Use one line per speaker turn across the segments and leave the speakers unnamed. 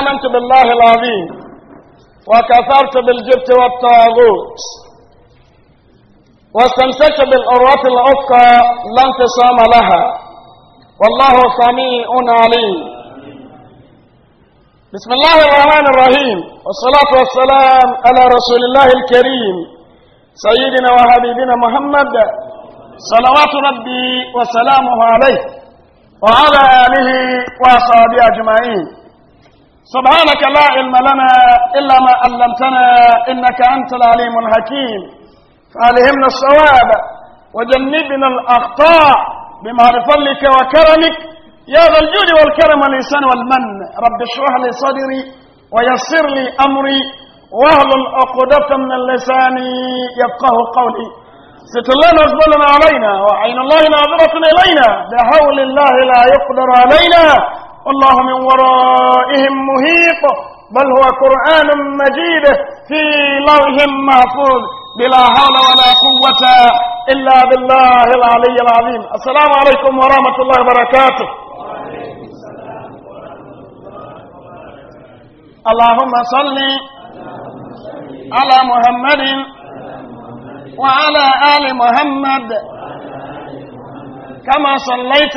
آمنت بالله العظيم وكفرت بالجبت والطاغوت واستمسكت بالعروة الأفقى لا انفصام لها والله سميع عليم بسم الله الرحمن الرحيم والصلاة والسلام على رسول الله الكريم سيدنا وحبيبنا محمد صلوات ربي وسلامه عليه وعلى آله وأصحابه أجمعين سبحانك لا علم لنا إلا ما علمتنا إنك أنت العليم الحكيم فألهمنا الصواب وجنبنا الأخطاء بمعرفة فضلك وكرمك يا ذا الجود والكرم والإحسان والمن رب اشرح لي صدري ويسر لي أمري واهل عقدة من اللسان يفقه قولي ست الله نزلنا علينا وعين الله ناظرة إلينا بحول الله لا يقدر علينا والله من ورائهم مهيق بل هو قرآن مجيد في لوح محفوظ بلا حول ولا قوة إلا بالله العلي العظيم السلام عليكم ورحمة الله وبركاته اللهم صل على محمد وعلى آل محمد كما صليت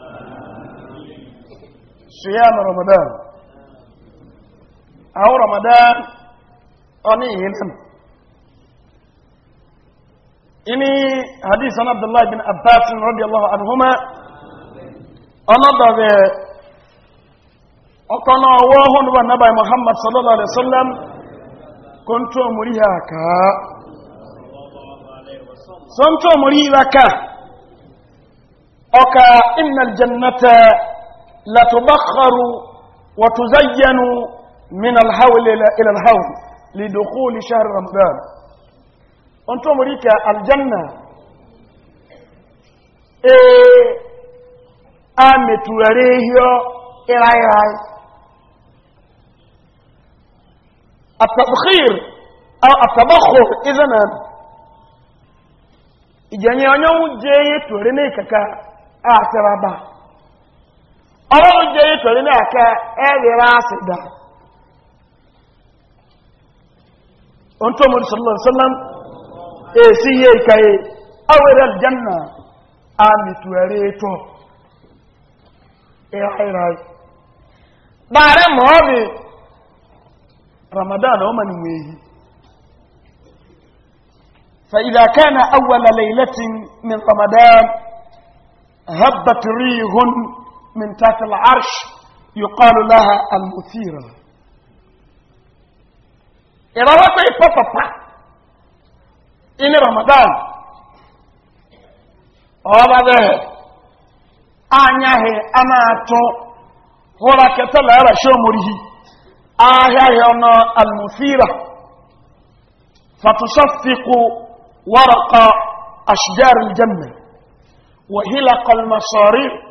صيام رمضان أو رمضان أني ينم إني حديث عن عبد الله بن عباس رضي الله عنهما أنا ضد أقنا الله ونبي محمد صلى الله عليه وسلم كنت مريها كا كنت مريها كا أكا إن الجنة لتبخر وتزين من الهول إلى الهول لدخول شهر رمضان أنتم ريكا الجنة إيه آمت وريه إلاي راي التبخير أو التبخر إذن إجاني أنيو جيت ورينيكا أعترابا آه، ọwọ́ jẹ́ ìtọ̀rí náà kẹ ẹ̀rẹ̀rẹ̀ àṣìdá ohun tó mọ̀rí sallallahu alaihi wasallam èsì yẹ ìkàyẹ ọwẹ́rẹ̀ aljanna a mìtù ẹ̀rẹ̀ ètò ẹ̀rẹ̀ bàárẹ̀ mọ́ọ̀bì ramadan ọmọ ni wéyí فإذا كان أول ليلة من رمضان هبت ريح من تحت العرش يقال لها المثيرة إذا رأي بطفا إن رمضان هذا ذا أنيه أنا تو هلا كتلا رشوا مريه آه يا أنا المثيرة فتصفق ورق أشجار الجنة وهلق المصاريف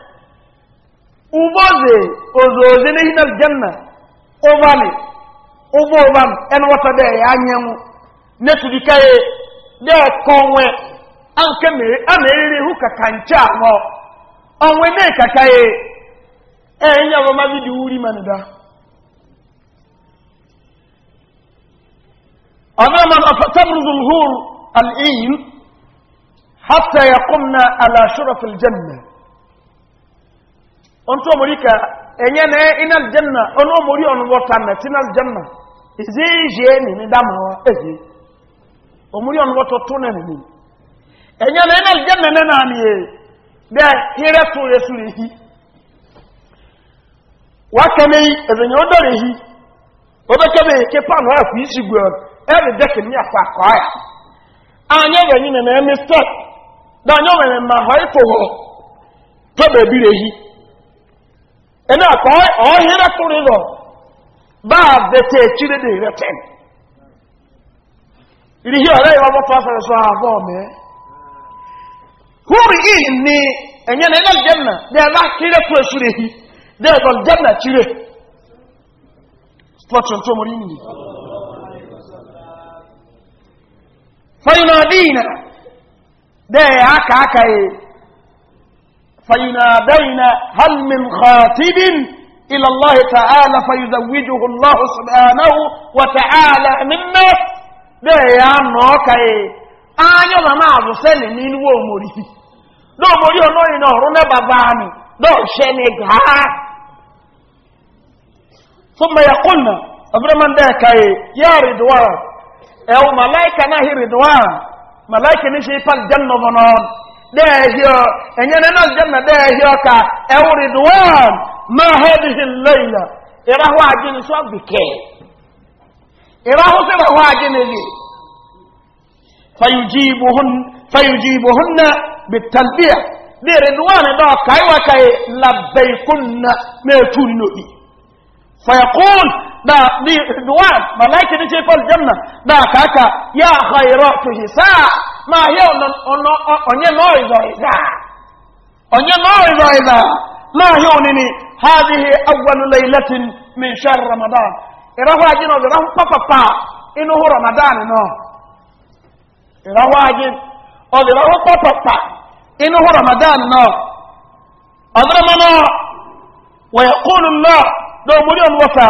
uboze ozoze na hinal janna ovani ubo ovan en wata de ya ne tudika ye de konwe anke mere ameriri hu kakanche awo onwe ne kakaye e nya wo ma bidu uri manada أمام تبرز الهور الإيل حتى يقمنا على شرف onto mori ka enye ne inal janna ono mori on wota na tinal janna izi je ni ni dama wa eje omori on woto to na ni enye ne inal janna ne na ni de hira to yesu re hi wa kame ezenye odore hi obekebe ke pan wa ku isi gwe every deck ni akwa kwa anya wenyi ne na mistake da nyo wenye ma hoifo e ho to be bi re hi ẹni àkọ́ ọ̀hìn rẹ́tùrì lọ bá a bẹ̀tẹ̀ ẹ̀kyírí dè rẹ́tẹ̀ ìrìhí ọ̀rẹ́ ìwà bọ́tọ̀ afẹ́rẹ́ sọ àbọ̀ mẹ́ húrì ìyí ni ẹ̀yẹ́ ní ẹ̀dá jẹ́mìnà dẹ́ ẹ̀dá kéré kú èsù rẹ̀ yìí dẹ́ ẹ̀dọ̀ jẹ́mìnà kéré spọ́tù tó mọ̀ nìyí. fọyín náà dìínà dẹ́ ẹ̀ áka áka yìí. فينادينا هل من خاطب إلى الله تعالى فيزوجه الله سبحانه وتعالى منا ده يا نوكاي آنيا لما عزوسيني من وموري دو موري هنو ينهر نباباني دو شنك ها ثم يقولنا أبرمان ده كاي يا رضوان أو ملايكة نهي رضوان ملايكة نشي فالجنة ظنان داهيو ان ينال الجنه داهيو كا اوردوان ما هذه الليله اراهو اجن سو بكي اراهو سراهو اجن لي فيجيبهن فيجيبهن بالتلبيه لردوان دو كاي وكاي لبيكن ميتون نبي فيقول دا لردوان ملائكه تجي الجنه دا كاكا يا خيرات حساب Ma yẹ ọ̀nyẹ́ náà onye ìzà ọ̀nyẹ́ náà ma ìzà máa yẹ òní ni hádìhì agbanulẹ̀ ramadan ìrọwọ́ ajé nọ? ìrọwọ́ pápápá ịnụ hụ ramadan náà ìrọwọ́ ajé ịnụ hụ ramadan nọ? ọ̀dọ́mọ náà wẹ̀yẹ̀kúlù náà lọ́wọ́ mú ní ọ̀nùwọ́ta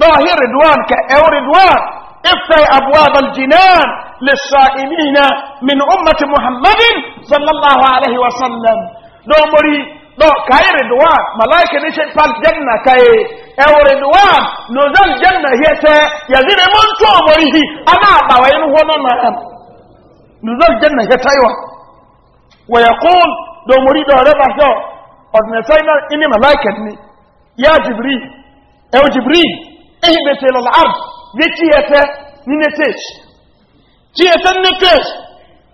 lọ́wọ́ hí rìdwan kẹ افتح أبواب الجنان للصائمين من أمة محمد صلى الله عليه وسلم لو مري لو كاي رضوان ملائكة نشي فال جنة كاي او رضوان نزل جنة هي سي يزير من مريه أنا أبا وين هو نعم نزل جنة هي سيوة ويقول لو مري دو ربا شو قد نسينا إني ملائكة يا جبريل او جبريل اهبت إلى الأرض ne tiyete ni neteç. Tiyeten neteç.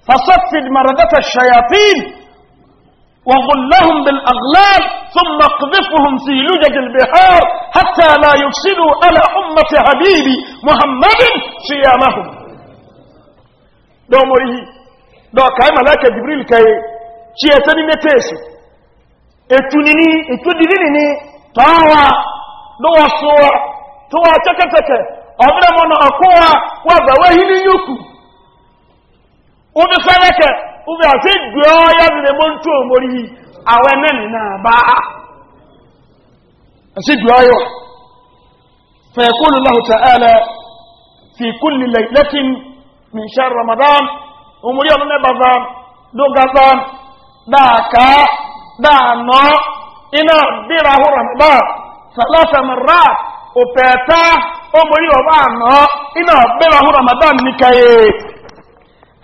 Fasaffid maradata şeyatin بالأغلال ثم اقذفهم في لجج البحار حتى لا يفسدوا على أمة حبيبي محمد صيامهم دو مريه دو كاي ملاك جبريل كاي تيتني نتيسي اتنيني اتنيني تاوى دو صور توا تكتك ọmọdé mọ náà kó wa wà bá wá yín ní yókù omi sẹ́lẹ̀kẹ̀ omi àti ìgbé ọyọ́ mi lè mọ́ ń tó mórí yìí àwọn ẹ̀mẹ́ mi náà bá a àti ìgbé ọyọ́ fẹ̀kún lọ́hùn tààlẹ̀ fi kún lẹ́kìn mi ṣe ramadan omori ọmọ mẹ́ba bá dóga bá dáàká dáàná iná bíra hó ramadan sàlọ́sàmìrà òpẹ̀ẹ́ta أمري وبعنا إن أقبله رمضان نكاية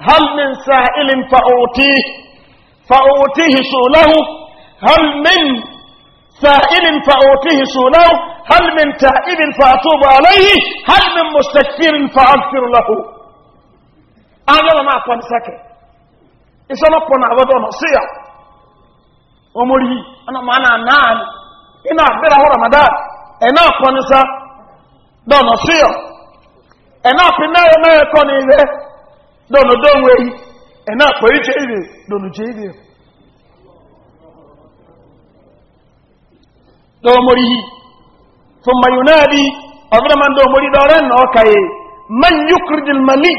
هل من سائل فأوتيه فأوتيه سوله هل من سائل فأوتيه سوله هل من تائب فأتوب عليه هل من مستكبر فأغفر له أنا ما أقول سكة إذا أنا أقول أنا نصيحة أمري أنا معنا نعم إنا أقبله رمضان أنا أقول dɔnɔ fiyɔ ɛnna afi náà yɛ mɛyɛ kɔ ní ilé dɔnɔ dɔnwó yi ɛnna akpɔyi jɛ ibi dɔnɔ jɛ ibi dɔnmori yi fumayunaadi ɔbɛrɛma dɔnmori dɔrɛ nɔɔka yi man yukuridi mali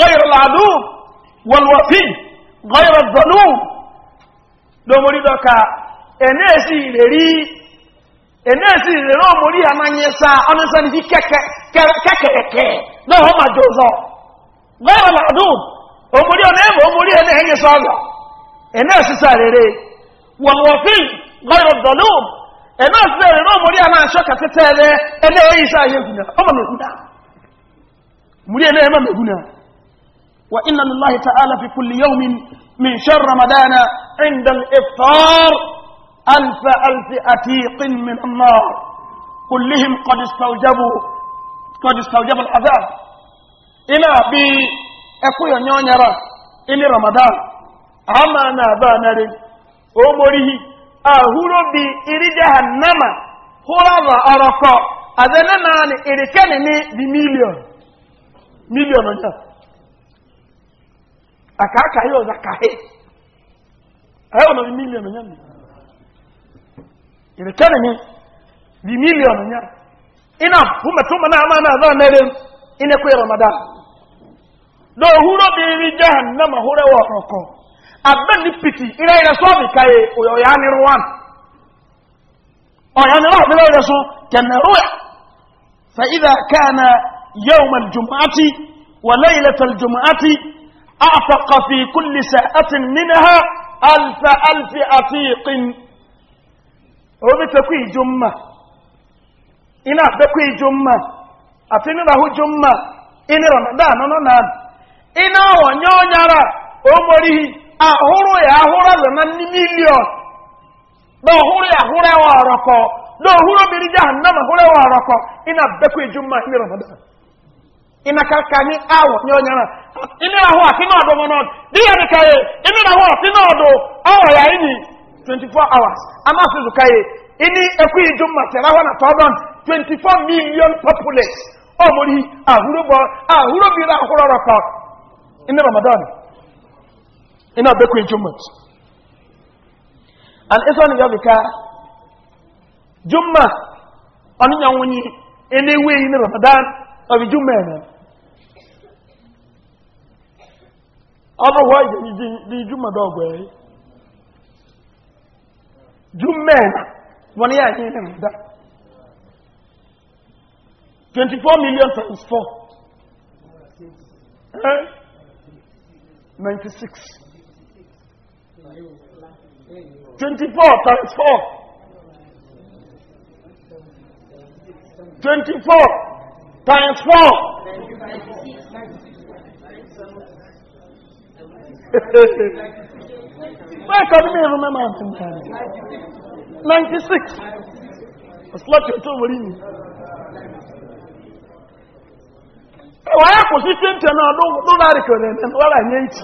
ɣayɔrɔ laadu walwafi ɣayɔrɔ dɔnu dɔnmori dɔ ka ɛnna esi leri. الناس اللي لو مريها ما يسا انا سن في كك كك كك كك لا هم جوزا غير معدوم ومريها نيم ومريها نيم هي يسا الناس سالري والوفي غير الظلوم الناس اللي لو مريها ما شك كتير انا يسا يغنى هم مغنى مريها نيم مغنى وان لله تعالى في كل يوم من شر رمضان عند الافطار ألف ألف أتيق من النار كلهم قد استوجبوا قد استوجب العذاب إلى بي أكو يرى إلى رمضان أما نابانر أمره أهور بي إلى جهنم هو الله أرقى أذن نان إلى كنني بمليون مليون ونجا أكاكا يوزا كاهي أيوة بمليون ونجا irekere ni bi milioni nya ina humetuma na amana za mere ine kwe ramadan do huro bi bi jahannama hore wa roko abbe ni piti ina ina so bi kai oyo ya ni ruwan oyo ni ruwan bi lo so kana ruwa fa idha kana يوم الجمعة وليلة الجمعة أعتق في كل ساعة منها ألف ألف أتيق obetekwa iju mma ị na-abịakwa iju mma ati nirahụ ju mma ịnịrọ da anụnụ na ị na-ahọ nye ọnyara omorihi ahụrụ ya ahụrụ azụ na ndị milion na ọhụrụ ya ahụrụ ewa ọrọkọ na ọhụrụ biri ji ahụ nnama ahụrụ ewa ọrọkọ ị na-abịakwa iju mma ịnịrọ na da ị na-akaka anyị ahọ nye ọnyara ịnịrahụ ati na ọdụ mọnọ di ya dịka ya ịnịrahụ ati na n'ọdụ ahọ ya ịnị 24 hours ama so zukaye ini ekwi jumma tera wana tobon 24 million populace omori ahuro bo ahuro bi ra ahuro roko ini ramadan ina bekwi jumma al isan ya bika jumma oni nyanwunyi ini we ini ramadan obi jumma na ọdụ hwa ije ijumma dọgwa ya eh. jùmẹ́ẹ̀nà wọ́n ní àyíkí ní ìdá 24 million times 4 eh? 96 24 times 4 24 times
4 Mẹ́kọ̀ ní mẹ́rin mẹ́mà àti 96.
Ọ̀sùlọ́kì tó wòrí ni. Ẹwà yà kò sí fíntì náà ló bá rí kọ̀rẹ̀ ẹ̀nà wọ́n rà ní èjì.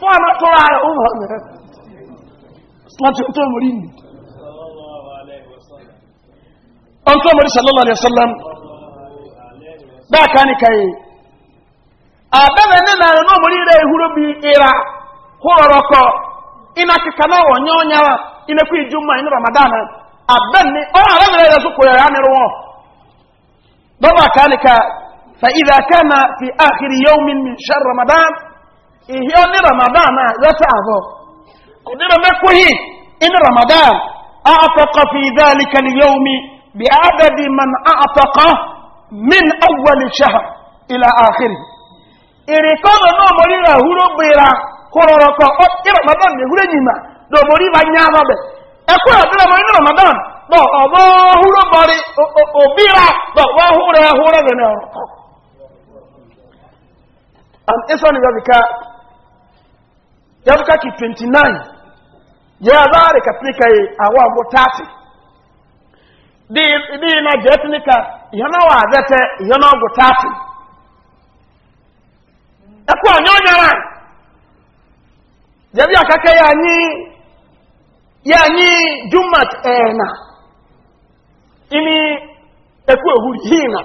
Fọ́ àná tó rà rẹ̀ òun hàn rẹ̀. Ọ̀sùlọ́kì tó wòrí ni. Ọ̀n tó wòrí sàlọ́lá alẹ́ sàlám. Bẹ́ẹ̀ ká ní kàyé. Àbẹ́bẹ̀ nínú àrùn náà mo hụrọrọkọ ịnakịka na onye onye wa ịnekwa iju mma ịnụ ramadan abẹni ọrọ ara na yẹn sọkọ yẹn anirun wọn dọba kanika fa idà kana fi akiri yẹn mi mi sẹ ramadan ìhí ọni ramadan a yọta àbọ kò ní rẹ ramadan a fi idàlika yẹn mi bi adadi man a atọkọ min awali shahar ila akiri ìrìkọ́ lọ náà mọ̀ rírà kọrọrọkọ ọtí ramadan lèwúrẹ nyìmá lòmórí bá nyá bá bẹ ẹkú ẹ ọdún ọmọ inú ramadan bọ ọbọ húrọ bọrí òbíra bọ wọn húrẹ húrẹ rẹ náà rọkọ. eso ni yabika yabika ki yi awa taati di di na jẹ́bí àkẹ́kẹ́ yà ní yà ní jumat ẹ̀ẹ̀nà inú ẹkù òhùrù yìí nà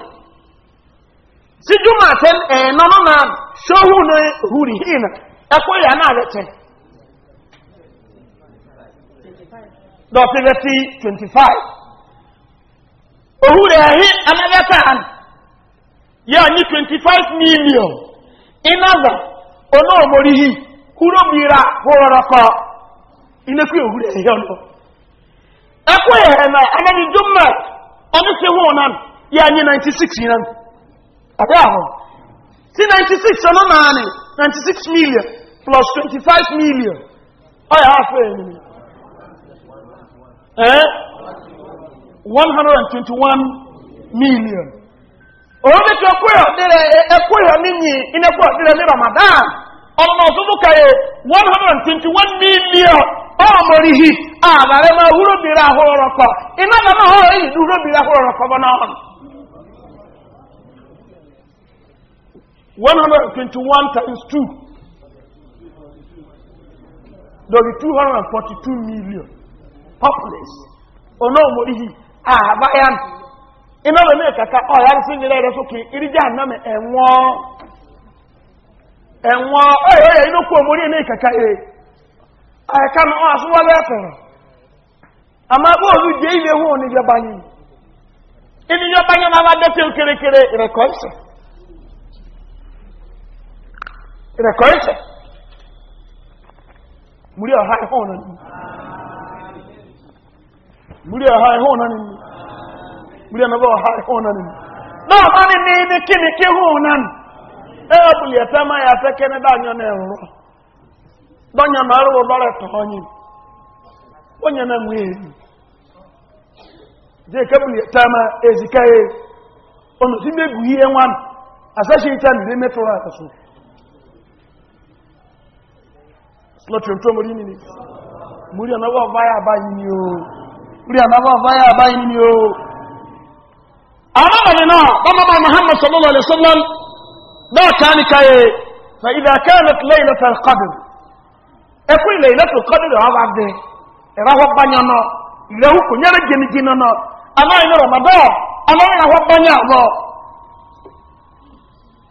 sí jumat ẹ̀ẹ̀nà náà ṣóhù ní òhùrù yìí nà ẹkù yà náà rẹ̀ tẹ́ dọ̀tílẹ̀tí 25 òhùrù ẹ̀hìn ẹ̀mẹ́lẹ́ta yà ní 25 million in other onóòmórí yìí urobira hụrọrọkọ inekwu ewure ehe ọnụ ekwe ya na anaghị jumma onye si hụ na ya nye 96 na abịa ahụ si 96 ọnụ naanị 96 million plus 25 million ọ ya afọ enyi eh 121 million onye ka ekwe ya dịrị ekwe ya n'inyi inekwu ramadan ọmọ ọ̀sọ́sọ́ kẹrẹ 121 million ọmọ a àbàrẹ ma húróbìnrin ahọ́rọ̀kọ̀ iná mama ọ̀rọ̀ èyí húróbìnrin ahọ́rọ̀kọ̀ bọ́ náà 121 times 2 242 million populace ọ̀nà ọmọ ríhì àbáyán iná lọ ní ọ̀yá sí ilẹ̀ rẹ̀ sókè iríjà náà ẹ̀wọ̀n ẹ̀wọ̀n ọ̀yọ̀ inú kú omori ní ìkẹ̀kẹ́ ẹ̀ àìká náà asúnwọ́ lẹ́ẹ̀fẹ̀rẹ̀ àmá bóòlù jẹ́ ilé hún oníjọba yìí iníjọba yẹn máa dẹ́tẹ̀ kérékéré ìrẹ̀kọ́ìṣẹ̀ ìrẹ̀kọ́ìṣẹ̀ múrí ọ̀há ihún ha ebuli etema ya tekene anya na ewuro donya na arụ dọrọ tọ onye onye na nwe eri je kebuli etema ezikaye onu si mebu ihe nwa m asashi icha ndị metụrụ akasu slotrim tó mori nini muri anawa vaya abayi ni o muri anawa vaya abayi ni o amara ni na bama muhammad sallallahu alaihi wasallam كاي فإذا كانت ليلة القدر أقول ليلة القدر هذا عبد إراه بنيانا إراه كنيرا جن جنانا أما إن رمضان أما إن هو بنيانا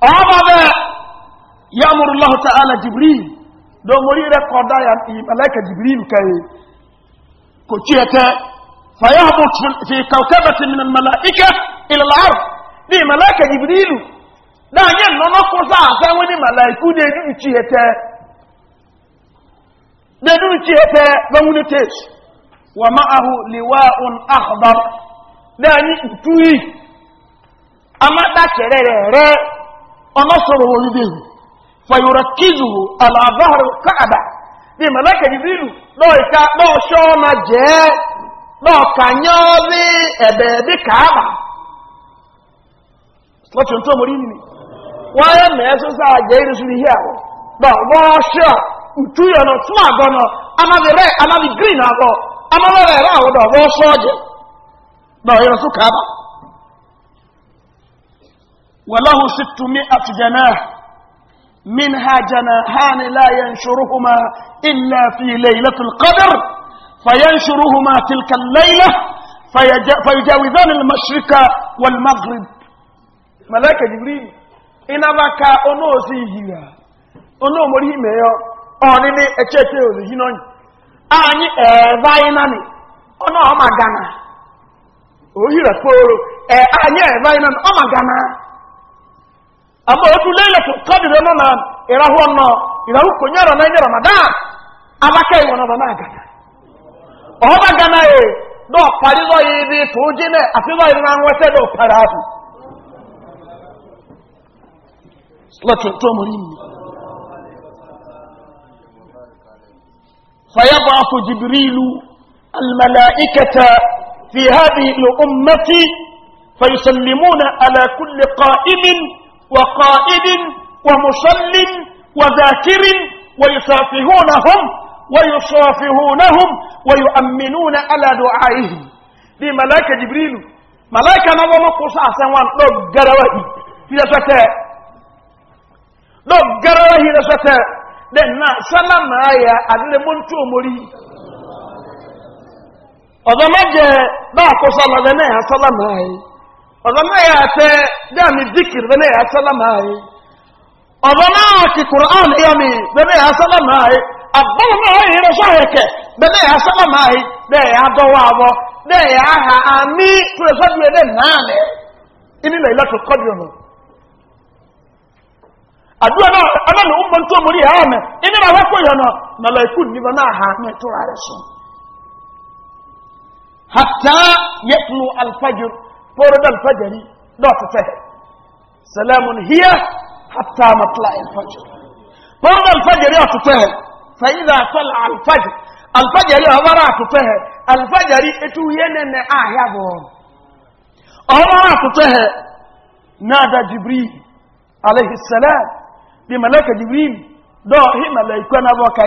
هذا يأمر الله تعالى جبريل دو مريد قضاء ملاك جبريل كي كتية فيهبط في كوكبة من الملائكة إلى الأرض دي ملاك جبريل na anyị nọ n'ọkụsa asa nwere malaiku na-eduru chi ete na edu uchi ete banwune tesu wa ma'ahu liwa'un dara. na anyị utuyi amata chere rere ọnọ sọrọ oridehu fayurakizuhu ala bahar ka'aba ni malaika jibrilu ma jẹ́ lọ́ọ̀ka nyọ́ bí ẹ̀bẹ̀ẹ̀bí ka'aba lọ́tún wáyé mẹ́ẹ́sọ sáà jẹ́ irisiri híà bá wọ́n ṣíà ùtú yọ̀nà fún àgọ́nà anábì rẹ̀ anábì green àgọ́ anábì rẹ̀ rẹ̀ àwọn ọ̀dọ̀ ṣọ́ọ̀jẹ̀ bá yọ̀ fún kàábà wàláhùn sí tumi àtijọ́nà min ha jana hàní láyé ṣorúhùmá ilẹ̀ fi ilẹ̀ ilẹ̀ tulkadar fayen ṣorúhùmá tilkan laila fayajawizan al-mashrika wal maghrib malaika jibril ịnabaka onye ozi ihira onye omori ime ya ọnịnị echete ozizi n'onye anyị eva ịnani ọnụ ọma gana ohira kporo e, anyị eva ịnani ọma gana ama otu lele kọdịrị nọ na ịrahụ ọnọ ịrahụ konyere na enyere ramadan abaka ịnwe nọ na gana ọba gana e dọkparịzọ ya ibi tụjine afịzọ ya na nweta dọkpara ahụ lọ́tọ̀ọ̀tọ̀ mọ̀rí فيضعف جبريل الملائكة في هذه الأمة فيسلمون على كل قائم وقائد ومصل وذاكر ويصافحونهم ويصافحونهم ويؤمنون على دعائهم دي ملائكة جبريل ملائكة نظمة قصة سنوان لو قروهي في ذلك don garawa hi na sota den na salama ya adile montu omori ọ̀dọ̀ mẹ́jẹ bá àkóso ọlọ́dẹ náà yà sálámà ayé ọ̀dọ̀ náà yà tẹ dáàmì díkìrì bẹ́ẹ̀ náà yà sálámà ayé ọ̀dọ̀ náà kì kùrán yọmi bẹ́ẹ̀ náà yà sálámà ayé àbọ̀wọ̀ náà yà yẹrẹ sọ àyẹkẹ bẹ́ẹ̀ náà yà sálámà ayé bẹ́ẹ̀ yà dọ́wọ́ àbọ̀ bẹ́ẹ̀ yà ha àmì kúrẹ́sọ́dúnrẹ́ náà nì ìnílẹ̀ ìlọ́tò kọ́dùnrún adúlọ náà anáàlú ń bọ́n tó mú rí ẹ̀họ́ mi iná náà wọ́n kó ìyọ̀nà nàlọ́ ikú níbọn náà ha ní tó rà rẹ̀ sùn. hàtà yẹtùlù alfajir fọ́rọ́dà alfajir dọ́ọ̀tẹ̀tẹ̀ sẹlẹ̀mùn híyà hàtà matla alfajir fọ́rọ́dà alfajir ọ̀tẹ̀tẹ̀ fẹ̀yìdà sọlá alfajir alfajir ọ̀bára àtẹ̀tẹ̀ alfajir ètò yẹnẹnẹ àyà bọ̀ ọ̀bára àtẹ̀tẹ̀ náà dà jibril alayhi salam دي ملائكة جبريل دو هي ملائكة نبوكا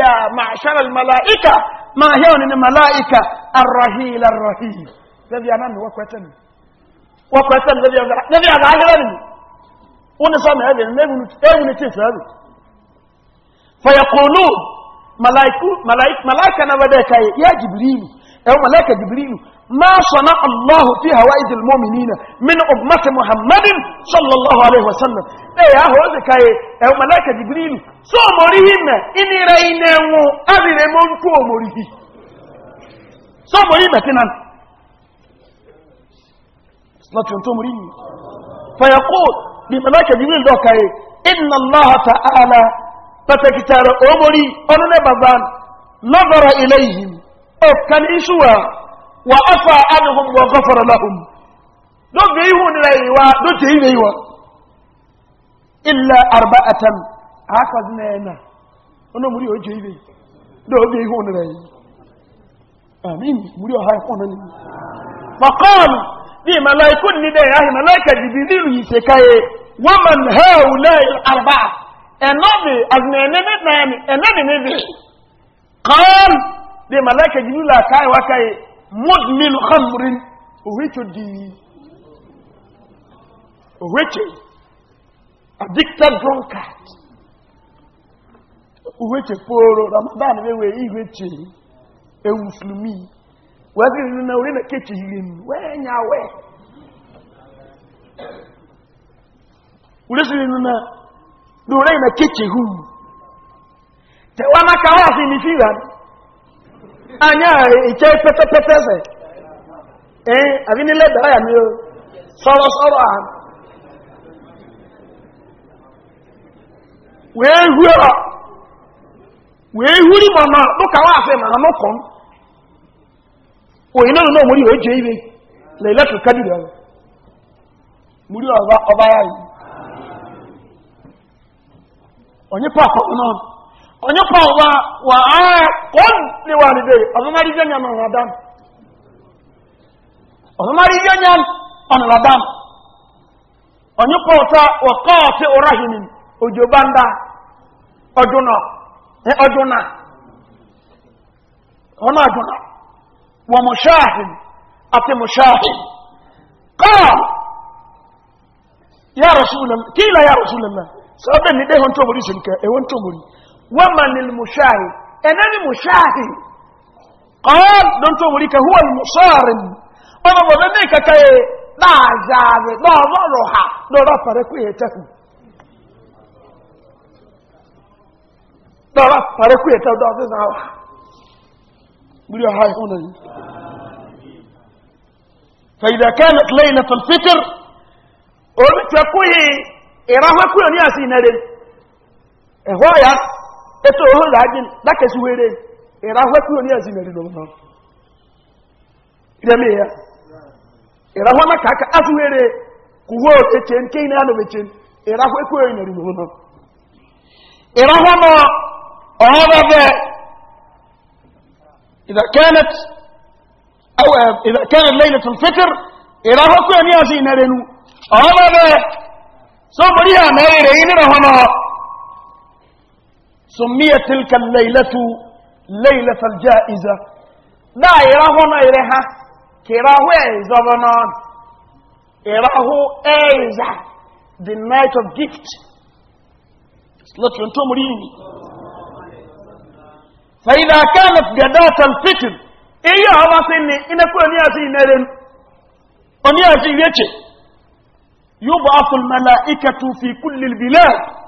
يا معشر الملائكة ما هي من الملائكة الرحيل الرحيل الذي أمامي وكوتن وكوتن الذي الذي أغادرني ونصام هذا النبي نتيس هذا فيقولون ملائكة ملائكة ملائكة نبوكا يا جبريل أو ملائكة جبريل ما صنع الله في هوائد المؤمنين من أمة محمد صلى الله عليه وسلم إيه يا هو ذكاي يا ملائكة جبريل سو مريم اني رينه ابي رمون كو مريه سو مريم تنان صلاة ينتو مريم فيقول بملائكة جبريل دوكاي ان الله تعالى فتكتار امري انا بابان نظر اليهم أفكان كان اسوا wa afa anuhum wa gafara lahum do be ihu ni rayuwa do te yi rayuwa illa arba'atan haka zina yana ono muri o je ibe do be ihu ni rayi amin muri o ha ko ni fa qam bi malaikun ni da ya malaika jibril yi se kai wa man haula arba'a enobi azina enene nani enene ne bi qam bi malaika jibril ka kai wa kai mudmin khamrin owecho di owecho addicted drunkard owecho poro ramadan wewe iwecho e muslimi waziri na uri na kechi hirin wenya we ulesiri na dore na kechi hu te wa maka wa fi ni firan anya a pẹ́tẹ́pẹ́tẹ́ sẹ̀ ẹ́n àbí nílẹ̀ bẹ̀rẹ̀ àmì o Sọrọ sọrọ a. wèé hu ẹ̀rọ wèé hu ní mọ̀mọ́ lókà wá àfẹ́ màá mọ́ kọ́m òyìn náà náà ibe na tó kẹ́dì rẹ̀ mórí ọba ọba yá yìí onye pọwa wa agha kọm lewalide ọzọmarịje nya nọ n'adam ọzọmarịje nya nọ n'adam onye pọta wa kọọtị ụrahimi ojobanda ọjụna ọjụna e, ọnụ ọjụna wa mụshahim ati mụshahim kọọ ya rasulullah kila ya rasulullah sọ bẹ́ẹ̀ ni dẹ́hùn tó mori sùn ومن المشاهد أنا المشاهد قال دونتو مريكا هو المصارم أنا بذنك كي لا زابي لا ضرها لا رفرك يتكو لا رفرك يتكو لا ضرها قل يا هاي هنا فإذا كانت ليلة الفكر أردت أقول إراها كل ناس ينادي هو يا ètò òhun làájín lákẹ̀ẹ́sí wéré ìràwọ́ kúrò ní ẹ̀sìn mẹ́rin lọ́wọ́ ilẹ̀ mìíràn ìràwọ́ náà kàákà ásù wéré kò wó ètè ní kéyìn náà lọ́wọ́ ètè ìràwọ́ kúrò ní ẹ̀sìn lọ́wọ́ ìràwọ́ náà ọ̀rọ̀ bẹ́ẹ̀ إذا كانت أو إذا كانت ليلة الفطر إراه كوني أزين رنو أما ذا سوف ليها ما يرين رهنا سميت تلك الليلة ليلة الجائزة لا إراه ما إليها كراه بنان إراه إيزا the night of gift لكن تمريني فإذا كانت جداة الفتر إيه هذا سيني إن كل نياسي نرن ونياسي يتي يبعث الملائكة في كل البلاد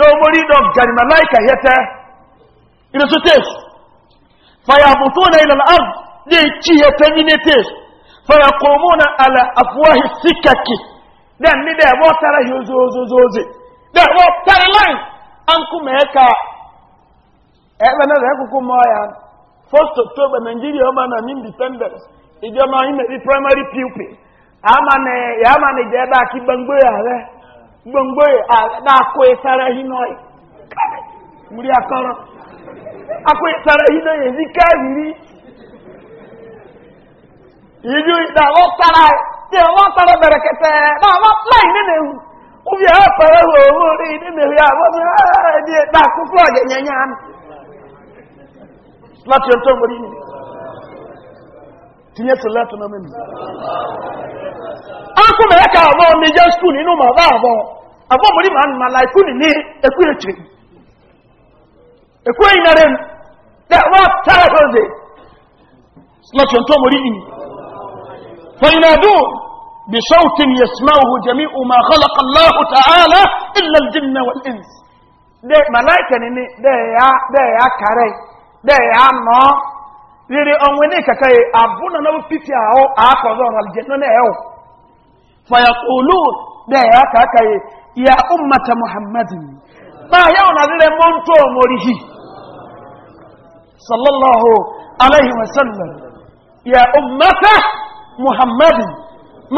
domori dɔn gari malaika yɛtɛ iresu Faya fayabutu na ilal ard de ci yɛtɛ nyine tes fayakomu na ala Afuahi sikaki den ọtara dɛ ozi ozi ozi dɛ bɔ tara ọtara an kuma ka ɛ bɛ na ekuku kuku mɔ yan first october nigeria ma na independence ìjọba yìí mɛ di primary pupil ama ni yàrá ma na ije ebe a kí gbangbe yàrá. gbogbo na-akụ ịsara ehi n'ọyị akọrọ akụ ịsara ehi n'ọyị ezi riri iju na ọtara dị na ọtara ine na-ewu obi ha na ya abụọ na-akụ flọg tinye salatu na mimi
aku me ka abo me je school inu
ma ba abo abo muri ma ma life ni ni eku e chiri eku ina rem that what terrible day slot yon to muri ni fa inadu bi sautin yasma'uhu jami'u ma khalaqa Allah ta'ala illa al-jinna wal ins de malaika ni de ya de ya kare de ya no rere ọnwene kaka yi abuna na ofiti hao Ako aljanna na ẹwọ fayakulu da ya aka aka yi ya umata muhammadin ma yao na zile mọntọ morihi sallallahu alayhi wa sallam ya umata muhammadin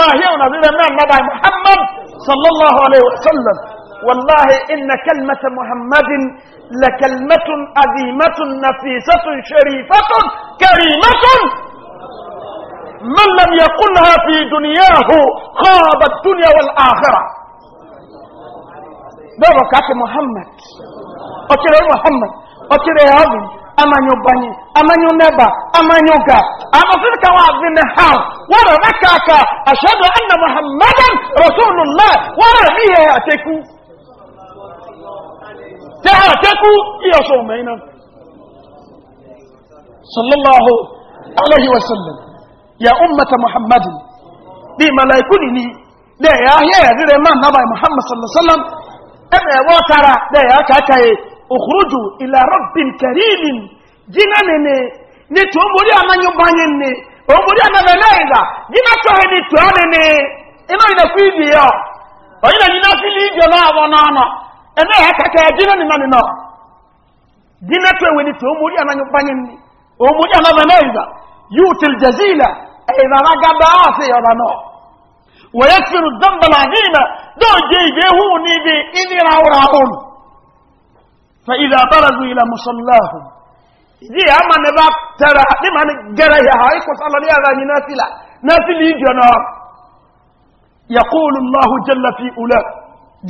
ما هي na rere نبع محمد صلى الله عليه وسلم والله إن كلمة محمد لكلمة عظيمة نفيسة شريفة كريمة من لم يقلها في دنياه خاب الدنيا والآخرة بارك محمد أكره محمد أكره عظيم أمانيو باني أمانيو نبا أمانيو غا أما فيك وعظيم حال ورمكاك أشهد أن محمدا رسول الله ورميه أتكو تها تكو يا شومينا صلى الله عليه وسلم يا أمة محمد دي ملايكوني دي يا هي غير ما نبي محمد صلى الله عليه وسلم أنا وترى دي يا كاكاي اخرجوا إلى رب كريم جنانني نتومبولي أنا نيوبانيني أمبولي أنا بلايدا جنا توهني توانيني إنه ينفيدي يا وإنه ينفيدي جنا ونانا ɛnna ẹ̀ kẹ́kẹ́ ɛgyina ne nane nɔɔ to ɛwɔ ni to omori ananyo banyin ni omori ananyo na ɛyiza yutil ni o ini rawura on fa iza barazu ila musallahu ìdí yà ama ne ba tẹrẹ ni ma ni gẹrẹ jẹ́ ha ikú sálọ ní ara yìí náà sí la náà sí lìí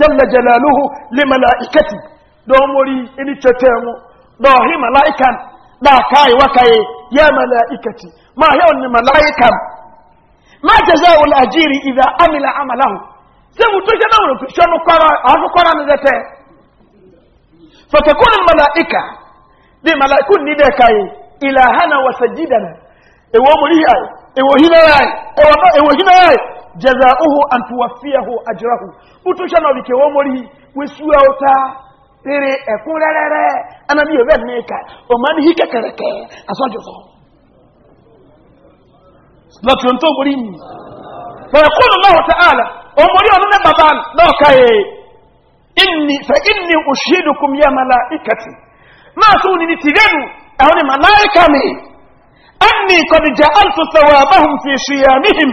جل جلاله لملائكته دوموري اني تشتمو دوهي ملائكة دا كاي وكاي يا ملائكتي ما هي ملائكة ما جزاء الأجير إذا عمل عمله سمو تجنا شنو قرا أفو قرا نزته فتكون الملائكة دي ملائكة ندى كاي إلهنا وسجدنا إيوه مريه إيوه هنا إيوه إيوه هنا jazauhu an tuwafiyahu ajrahu utusha na wike womori mori wesuwa ota tere ekunrerere ana bi obe nika o man hike kereke aso jofo la tun to mori fa yaqulu allah ta'ala o mori onu ne baban do kai inni fa inni ushidukum ya malaikati ma suni ni tigenu awni malaika mi anni qad ja'altu thawabahum fi shiyamihim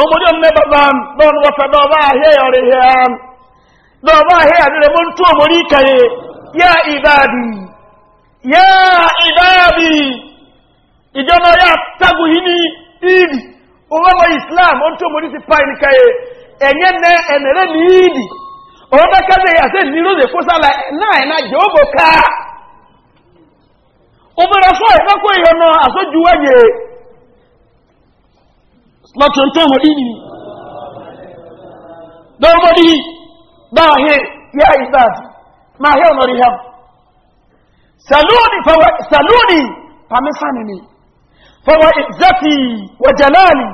omori ọmọ baban bọ́n wọ́fẹ́ bọ́ bá ahẹ́ ọ̀rẹ́ ya bọ́ bá ahẹ́ àdúrà mọ́ tó omori kàyẹ yá ìbáàdì yá ìbáàdì ìjọba yá tagu yìí ní ìdì owó islam ó tó omori sí pàìn kàyẹ ẹ̀yẹ́ nẹ ẹ̀nẹ̀rẹ́ ní ìdì ọwọ́ bá kẹ́lẹ̀ yà sí ní lóde kó sálà náà ẹ̀nà jẹ́ ó bò ká obìnrin fún ẹ̀fẹ́ kó ìyọ̀nà àsójú lọ́tún tó mọ̀ dínì dọ́mọ́dí báyé ya ìbáàdì ma yẹ́ ọ̀nà rí hẹ́m salúni pàmísàmì ni fọwọ́ ìzẹ́fì wàjẹ̀láàlì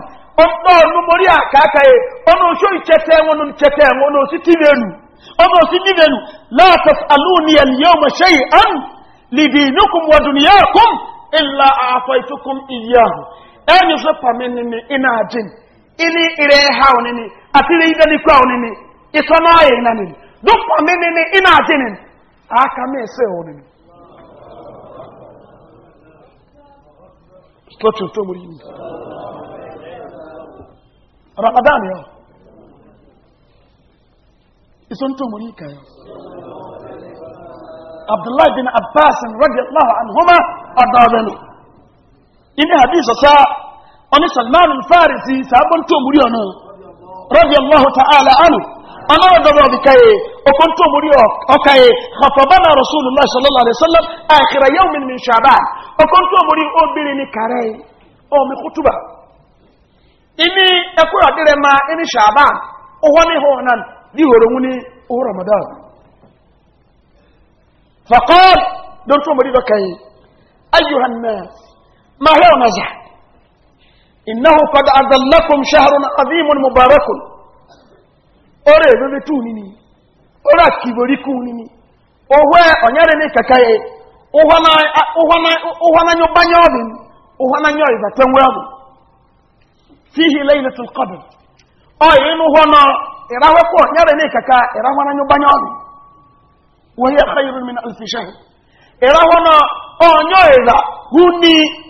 ọ̀pọ̀ olúmorí àkàkàyè ọmọ oṣù ìkẹtẹ wọn ní kẹtẹ wọn ní tí lẹ́nu ọmọ sí nílẹ̀nu látàf alúni ẹ̀lìyàn ọmọ ṣe ìhàn lìdì inúkùn wọ̀dùnìyàn kún ìlà àfọ̀ ìtukùn ìyàhùn ẹni sọ pàmí ni ni iná àjìn ilé ìrẹ ẹha òní ni àti ilé ìdẹ́ni kọ́ òní ni ìtọ́ náà yẹ iná ni ló pàmí ni ni iná àjìn ni àáka mi ẹsẹ̀ òní ni. Slọ́tù tó mú yìí. Ramadan yọ. Isun tó mú yìí kà yọ. Abdullahi bin Abbas radiyallahu anhuma adabenu. ini hadisa sa oni salman alfarisi sabon to muri ono radiyallahu ta'ala anhu ana wadaba bi kai o kon to muri o kai khatabana rasulullah sallallahu alaihi wasallam akhir yawm min shaban o kon to muri o biri ni kare o mi khutuba ini ekura dire ma ini shaban o woni honan di horo muni o ramadan faqad don to muri do kai ayyuhan nas ما هي نزح إنه قد أذلكم شهر عظيم مبارك أري ببتونني أرى كبريكونني أهوى أنيرني ككاية أهوانا يباني أبن أهوانا يعيب تنوام فيه ليلة القدر أين هنا إراهوكو أنيرني ككاية إراهوانا يباني أبن وهي خير من ألف شهر إراهونا أنيرني هوني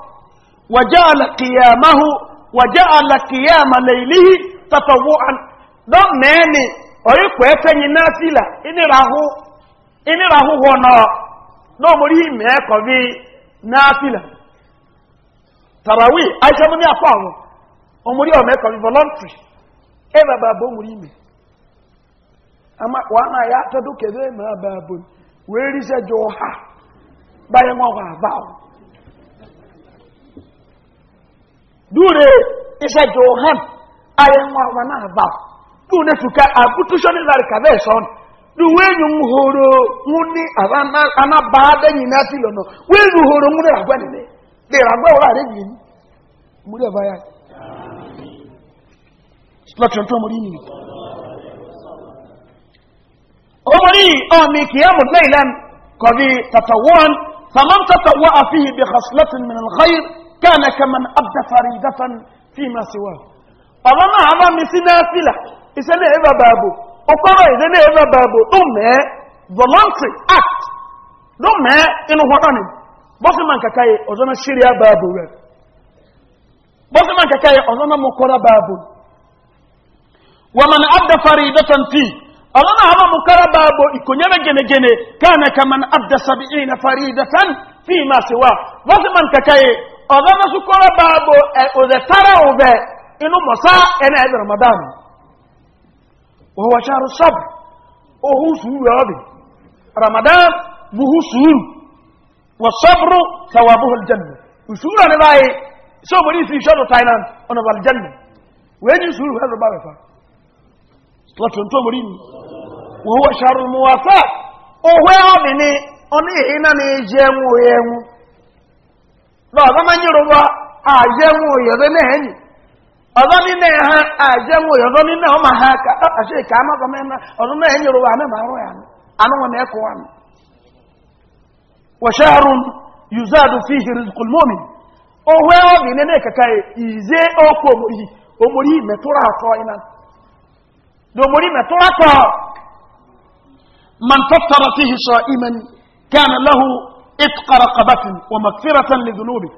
وجعل قيامه وجعل قيام ليله تطوعا دون ماني oyi kwe tẹyin náà sílà ìnirahu ìnirahu wọnà náà mo rí mẹ́ẹ̀kọ́ bí náà sílà tàràwí àìsàn ní àpá àwọn ọmọ rí ọmẹ́kọ́ bí voluntary ẹ bàbá bó mo rí anaghị wàhánà ya tọ́dún kẹfẹ́ mẹ́ dure isa johem ayan wa wana ba dune tuka abutu shoni zarika recovery? son du wenyu muhoro muni abana ana baada nyina tilo no wenyu horo muni ragwa ne de ragwa wa re yin muri ba ya slot to muri ni o muri o mi kiyamu laylan qadi tatawwan faman tatawwa fihi bi khaslatin min al-khayr كان كمن أبدى فريدة فيما سواه ọ̀rọ̀nà àwọn mísí náà fìlà ìṣẹ́lẹ̀ ẹ̀bà bàbò ọkọ̀rọ̀ ìṣẹ́lẹ̀ ẹ̀bà bàbò voluntary act ló mẹ́ inú wọn ni bọ́sùmọ̀ kàkàyè ọ̀zọ́nà ṣíríà bàbò rẹ̀ bọ́sùmọ̀ kàkàyè ọ̀zọ́nà mọ́kọ́rọ̀ bàbò wọ́n mọ̀ ní abdá fari dọ́tàn tí ọ̀rọ̀nà àwọn mọ́kọ́rọ̀ bàbò ìkònyẹ́rẹ́ gẹ́nẹ́gẹ́nẹ́ káàna kàmán abdá sabi'ina fari fíìmà síwá bọ́sùmọ̀ kàkàyè ọ̀dọ́ tó súnkọ́rọ̀ bá bò ọ̀dẹ̀ tara ọ̀bẹ̀ inú mọ̀sá ẹ̀nà ẹ̀dẹ̀ ramadan wọ̀wọ̀ ṣàrù sọ́bù ohú sùúrù ọ̀bẹ̀ ramadan buhu sùúrù wọ̀ sọ́bùrù sàwàbù aljanna ìṣúra ní báyìí sí òmùrí fi ṣọ́dọ̀ thailand ọ̀nà aljanna wẹ́n ní sùúrù ẹ̀rọ bá wẹ̀fà lọ́tún tó mùrí ni ni ọ̀nà ìhìnà ni jẹun òyẹ̀wù lọ́ọ̀dọ́mọ́nyìnrọ̀wọ́ àjẹmú òyọ̀dọ́ náà ẹ̀yìn ọ̀dọ́ nínú ẹ̀há àjẹmú òyọ̀dọ́ nínú ọmọ ha àṣẹ ìka amágọmẹ́ná ọ̀dọ́ náà ẹ̀yìnrọ̀wọ́ àmẹ́mà àrùn ẹ̀hánú anúwọn ẹ̀kọ́ wà mí. wọ̀ṣẹ́rùn yuzadu fi hirizkul mọ́mi òwe ọ̀bì nínú kẹkẹ ìzé ọkọ̀ òmòrì òmòrì mẹ́tọ́rọ̀ àtọ́ iná lòmòrì mẹ́tọ́rọ̀ àtọ́ man tọ́tọ̀rọ̀ fi hìṣọ́ ìmẹ́ni kí إتق رقبة ومغفرة لذنوبك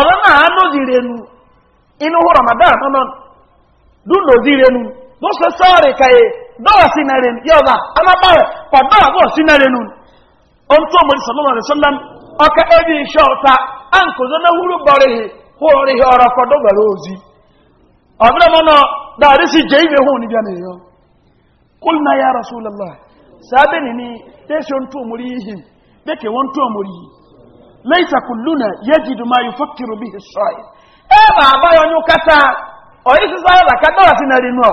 أرنا هانو زيرينو إنه رمضان أنا دون زيرينو دون ساري كاي دو سينارين يوضا أنا باو فدوا دوا سينارينو أنتو مري صلى الله عليه وسلم أكا أبي شوطا أنكو زنا هورو باريه هوليه أراكو دوا غلوزي أبلا منا دارسي جيبه هوني بياني قلنا يا رسول الله سابني ني تيشون تو مريهم deke won to muri laisa kulluna yajidu ma yufakkiru bihi as-sa'il e ba ba yo nyukata o isi sai ba kada wa tinari no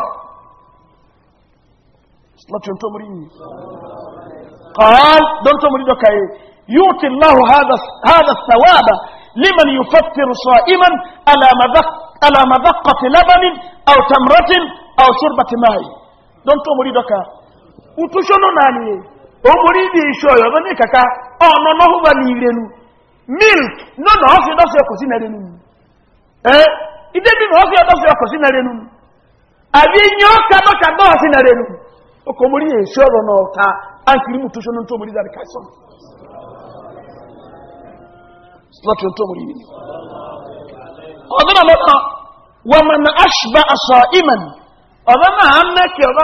slatu to muri ni qal don to muri do kai yuti allah hada hada thawaba liman yufakkiru sa'iman ala madaq ala madaqati labanin aw tamratin aw shurbati ma'i don to muri do ka utushono nani omori dị iso ọyọ ọdọ ní kaka ọ̀nà n'ọhụba n'irenu milk nọ na ọsị dọsị ọkọsị n'irenu m ee ide bi na ọsị dọsị ọkọsị n'irenu m àbí nye ọka dọka dọsị n'irenu m ọkọ omori yẹ iso ọrọ n'ọka ankiri mu tusho n'otu omori dari kaisọ slọtụ otu omori yìí ọdọ na lọta wọman ashba asọ iman ọdọ na amẹkẹ ọdọ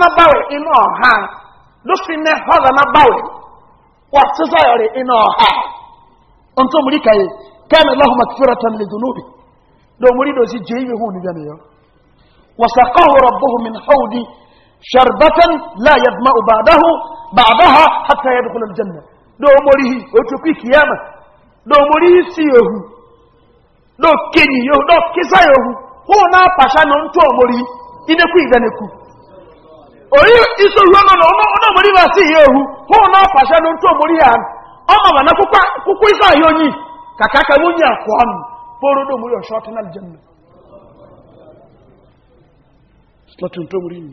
na bawẹ inú ọha lófin ní họ́dà má báwẹ̀ wà sísá rẹ̀ iná ọ̀há ohun tó múrí kàyé kẹ́mẹ̀ lọ́hùnmá ti fẹ́rẹ̀ tán lè dùnúbì ló múrí lọ sí jẹ́ ìwé hù níbẹ̀ nìyọ wàsàkọ́ rọ̀ bóhùn min hàwùdí sharbatan láyé ma ò bàdáhù bàdáhà hàtà yẹ dùkúlẹ̀ jẹ́nà ló múrí hì ó tún kí kìyàmà ló múrí sí ehu ló kéyìn ehu ló kísà ehu hù náà pàṣẹ ní ohun tó múrí inekú ìgbẹ́nekú oyi iso ruo nọ n'ọnụ ọnụ omori ba si ya ehu hụ na ọpasha na otu omori ya ọ maba na kwụkwọ iso ahịa onyi ka ka aka onye akwa ọnụ poro na omori ọsha ọtụ na aljanna slọtụ ntu omori ni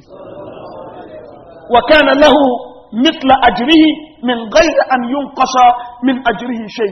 wa kana lahu
mitla ajrihi min ghayri an yunqasa min ajrihi shay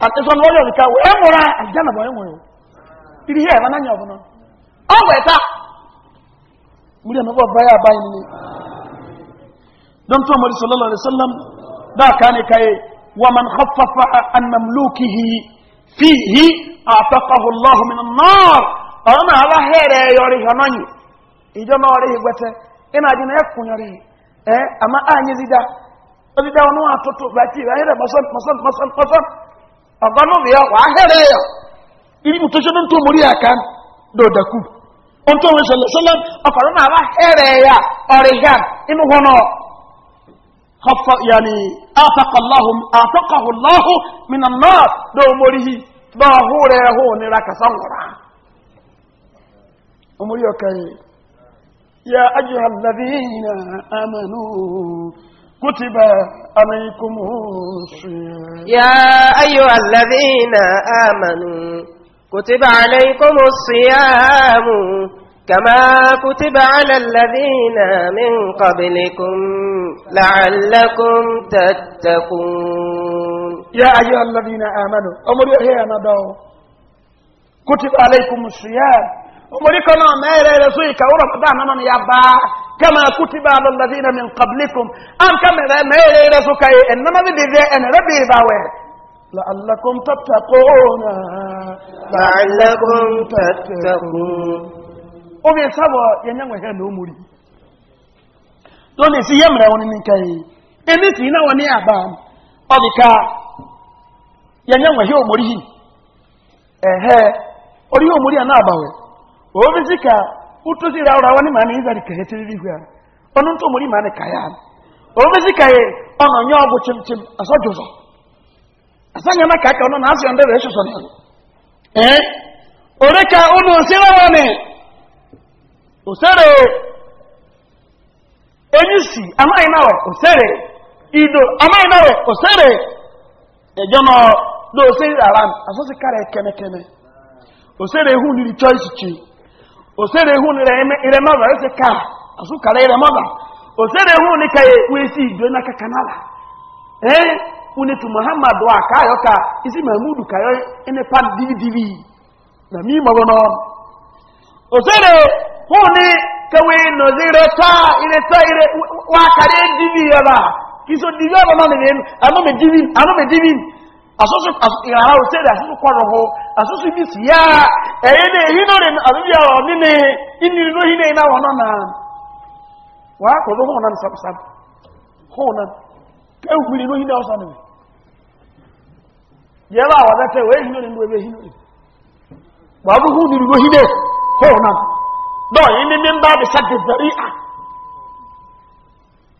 pàtẹ sọ lọ́yọ̀ nìka wọ ẹ mọ̀ra àjẹ́nà bọ̀ ẹ mọ̀ yóò ibi yẹ ẹ̀ma náà ọ̀bùnà ọ̀bọ̀ ẹ̀ta múlẹ̀ mọ̀ bọ̀ báyà báyìí nínú dọ́mtọ́ mọ̀rí sọlọ́lọ́ rẹ̀ sọ́lọ́m dáàkà ní káyé wọ́n man hafafa annamlókihi fihi àtàkàhù lọ́hùnmínà náà ọ̀nà aláhẹ́rẹ̀ yọrí hànáyì ìjọba ọ̀rẹ́ ìgbẹ́tẹ́ ina jina ya kunyare eh amma an yi zida zida wani wa tutu ba ti ba yi da masan masan masan masan ọ̀gọ́nùbí ọ̀wà ahẹ́rẹ́ yọ irú tó ṣe ní tó mórí àká dòdàkú ohun tó ń ṣẹlẹ̀ ṣẹlẹ̀ ọkọ̀rọ̀ náà bá hẹ́rẹ́ yà ọ̀rẹ́gà inú wọn kọfọ yàní afakọláhùn afakọláhùn mìnà náà dó mórí yìí bá hó rẹ̀ hó nira kàsán wọ̀rà omori ọkà yìí yà ájú àlàbí yìí náà amànú كتب عليكم الصيام يا أيها الذين
آمنوا كتب عليكم الصيام كما كتب على الذين من قبلكم لعلكم تتقون
يا أيها الذين آمنوا أمر هي ندعو كتب عليكم الصيام أمركم ما يرسوك ورمضان من يبا كما كتب على الذين من قبلكم أم كما ما يرزق إنما ذي أن ربي باوه لعلكم تتقون لعلكم تتقون أبي سبا ينوى موري أموري لون يسي يمرا ونين كي إني سينا وني أبام أبي كا ينوى هنا أموري إيه أوري أموري أنا أباوه أبي سيكا utuzi raura wani mana izari kaya tiriri gwa onun to muri mana kaya obezi kaye ono nyo ogu chim chim aso jozo asanya na kaka ono na asio ndere eso so ne eh oreka ono sira wani osere enyusi amai nawe osere ido amai nawe osere ejo no do osere aran aso se kare kene kene osere hu ni choice chi osere ihu ire mother ese ka asukara iremaba mother osere ihu ni ka wesi ido na kakanala eh uni tu muhammad wa kayo ka isi mahmudu ka ene pa divi na mi mo no osere hu ni ka we no zero ta ire ta ire wa kare divi yaba kiso divi yaba no ne anu me divi anu me divi asoso ira osere asoso kwaro ho asusu bi si ya ɛyɛ de eyi no de ɔne ne iniri no yi ne na wɔn nana waa do hɔn nan sabsab hɔn nan no yi na ɔsan ne yɛ bɛtɛ no ebe waa no yi ne hɔn nan dɔɔ yi ne ne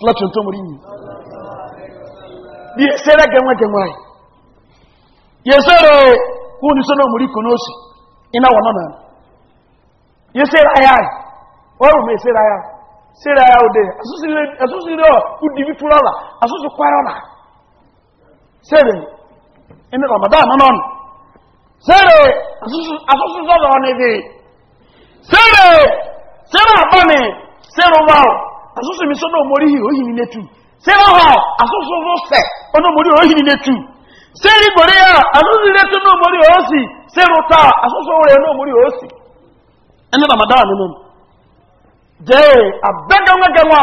slọtụ ntomori yi die sere genwe genwe ayi yesere hu ni sono oh, muri konosi ina wono na yesere ayi ayi oru me sere ayi sere ayi ode asusi re asusi re ku dibi fulala asusi kwara na sere ina ramadan non sere asusi asusi zo lo ni bi sere sere abani sere wow asụsụ mi sọ n'omori hi oyi nile tu se ọhọ asụsụ ọsọ sẹ ọnọmori oyi se rigbori ya asụsụ na tu ohi osi se ruta asụsụ ya n'omori osi ẹni ramadan ni jẹ́ abẹ́gẹ́wẹ́gẹ́wọ́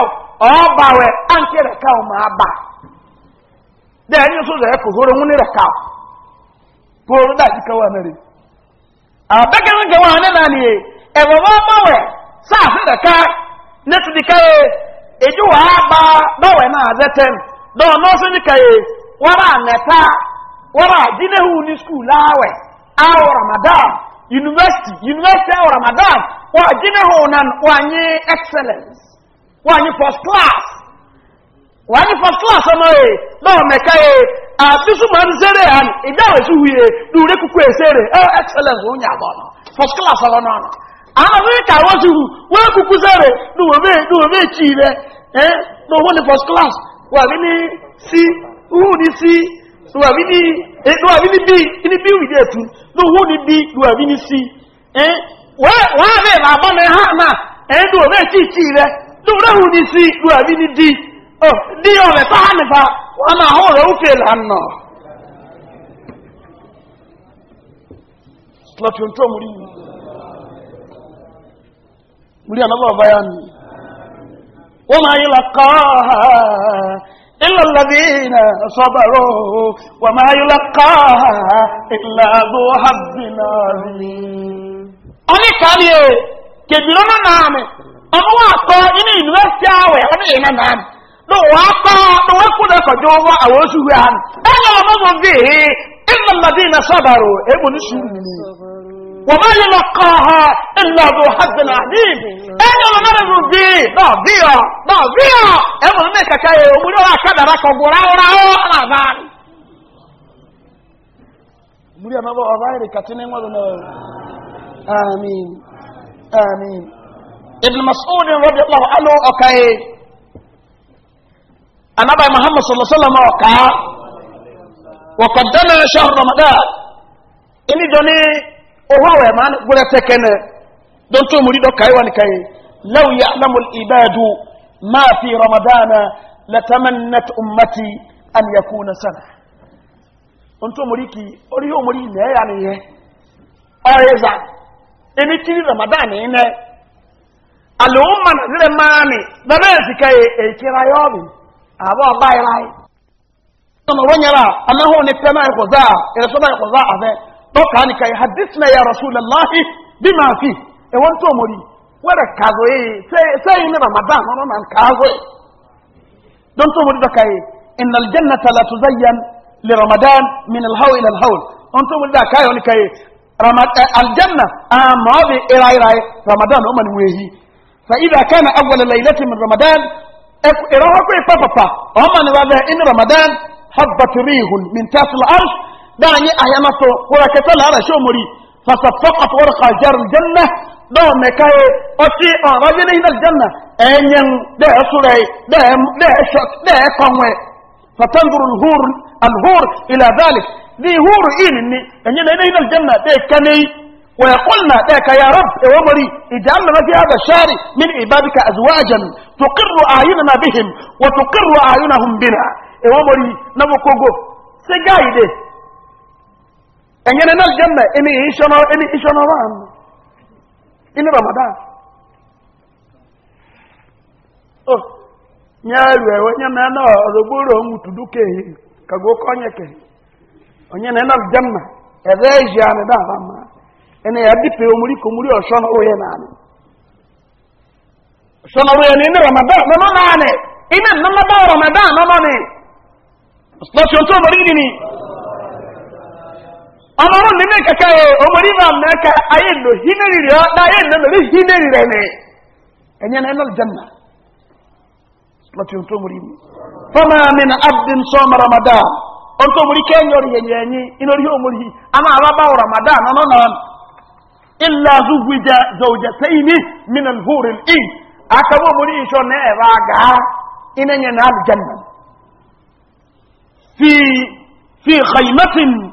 ọba wẹ̀ áńkì rẹ̀ ká ọmọ ẹni kò ni ẹ̀wọ̀n wọn sáà netu di ka ye wa ba dɔwɛ na azɛ tɛm dɔw nɔɔsi di ka ye wara anɛta wara dinehu ni sukuu laawɛ awo ramadan university university awo ramadan wa dinehu na wa nye excellence wa nye first class wa nye first class ɔmɔ ye dɔw mɛ ka ye abisu ma n zere yan idawo esu wuye duure kuku esere ɛ eh, excellence o nya bɔ no first class ɔmɔ no. ààrẹ ìkàwọ́ sí hù wọ́n kúkú sẹ́rẹ̀ lóòwé tí rẹ̀ ẹ́ lóòwó ní first class wà ní sí hù ní sí lóòwí ní bí ní bí ìdí ẹ̀tù lóòwó ní bí lóòwí ní sí wọ́n rẹ̀ làbọ́ ní ha náà ẹ́ lóòwé tí tí rẹ̀ lóòwé ní sí lóòwí ní dí dí ọ̀rẹ̀ sáà nípa murya na zuwa bayani wa ma yi laƙaha illa alladhina sabaru wa ma yi laƙaha illa zo habbin azim oni kani e kebiro na naame ọmọ wa kọ inú yunifásitì awẹ ọmọ yìí na naame ní wàá kọ وما يلقاها إلا ذو حظ عظيم أنا ما نرجو بي لا انا أما ما كاي أمور انا كذا لا كغورا ولا لا بان مريا ما بقى غير انا ولا آمين آمين ابن مسعود رضي الله عنه أوكي النبي محمد صلى الله عليه وسلم أوكي وقدمنا شهر رمضان إني جوني oho we man gure sekene don to muri do kai wani kai law ya'lamu al-ibadu ma fi ramadana latamannat ummati an yakuna sana on to muri ki ori yo muri ne ya ni ye oreza eni ti ramadan ni ne alumma na zire mani da be sikai e kira yobi abo bai rai to no wonyara amaho ni pema ko za ere so bai ko za ave tọ́ka ní ka ìhàdísìnà ya rasúlẹ̀láhì bí máa fi ẹwọ́n tó mọ̀rí wẹ́rẹ̀ kàzọ yìí sẹ́yìn ní ramadan ọ̀nà náà kàzọ yìí don tó mọ̀rí dọ́ka yìí ìnà aljanna tala tó zayyan lè ramadan min alhaul ila alhaul on tó mọ̀rí dọ́ka yìí ka yìí aljanna a mọ̀ bí irairaye ramadan ọmọ ni wéhi fa idà kana awwala lailati min ramadan ìrọ̀họ́ pé pápápá ọmọ ni wà bẹ́ẹ̀ in ramadan habbatu rihun min tasul arsh دعني أهيانته وركت لها شومري فصفقت ورقة جار الجنة دو مكاي أتي أرجل إلى الجنة أين ده سوري ده ده شط ده كونوي فتنظر الهور الهور إلى ذلك ذي هور إني أن ينا إلى الجنة ده كني ويقولنا ذاك يا رب إيه ومري اجعلنا في هذا الشهر من عبادك أزواجا تقر أعيننا بهم وتقر أعينهم بنا إيه ومري نمو كوغو سجايده ẹ̀yẹn ní aljanna ẹni ẹni ìṣọ́nà ọ̀rán inú ramadan ó oh, nyẹ́ ẹrù ọrụ nyẹ́ mẹ́ náà ọ̀rọ̀gbọ́rọ̀ ohun tùdú kéhì kàgbó kọ́nyẹ̀ kéhì ọ̀nyẹ́ ní aljanna ẹ̀rẹ́ ìṣẹ́ àmì bá àbá máa ẹni ẹ̀dí pé omúrí kò múrí ọ̀ṣọ́nà naanị. ní ramadan ọmọrọ ní ní kẹkẹ ẹ ọmọdé bá mẹkẹ ayé lò hínérì rẹ ọ náà ayé lò lórí hínérì rẹ ni ẹnyẹ náà ẹnọ jẹ nà lọtí ohun tó mú rí mi. fọmọ mi na abdi nsọ ọmọ ramadan ohun tó mú rí kẹ́yìn ọrọ yẹn yẹn yín iná rí ọmọ rí àmọ́ àbábá wọ ramadan ọ̀nà náà ilà zuwija zòwjà sẹ́yìn ní mina húrì ní àkàwé ọmọ rí iṣọ náà ẹ̀ bá gà á iná yẹn náà jẹ nà. fi fi xayimatin.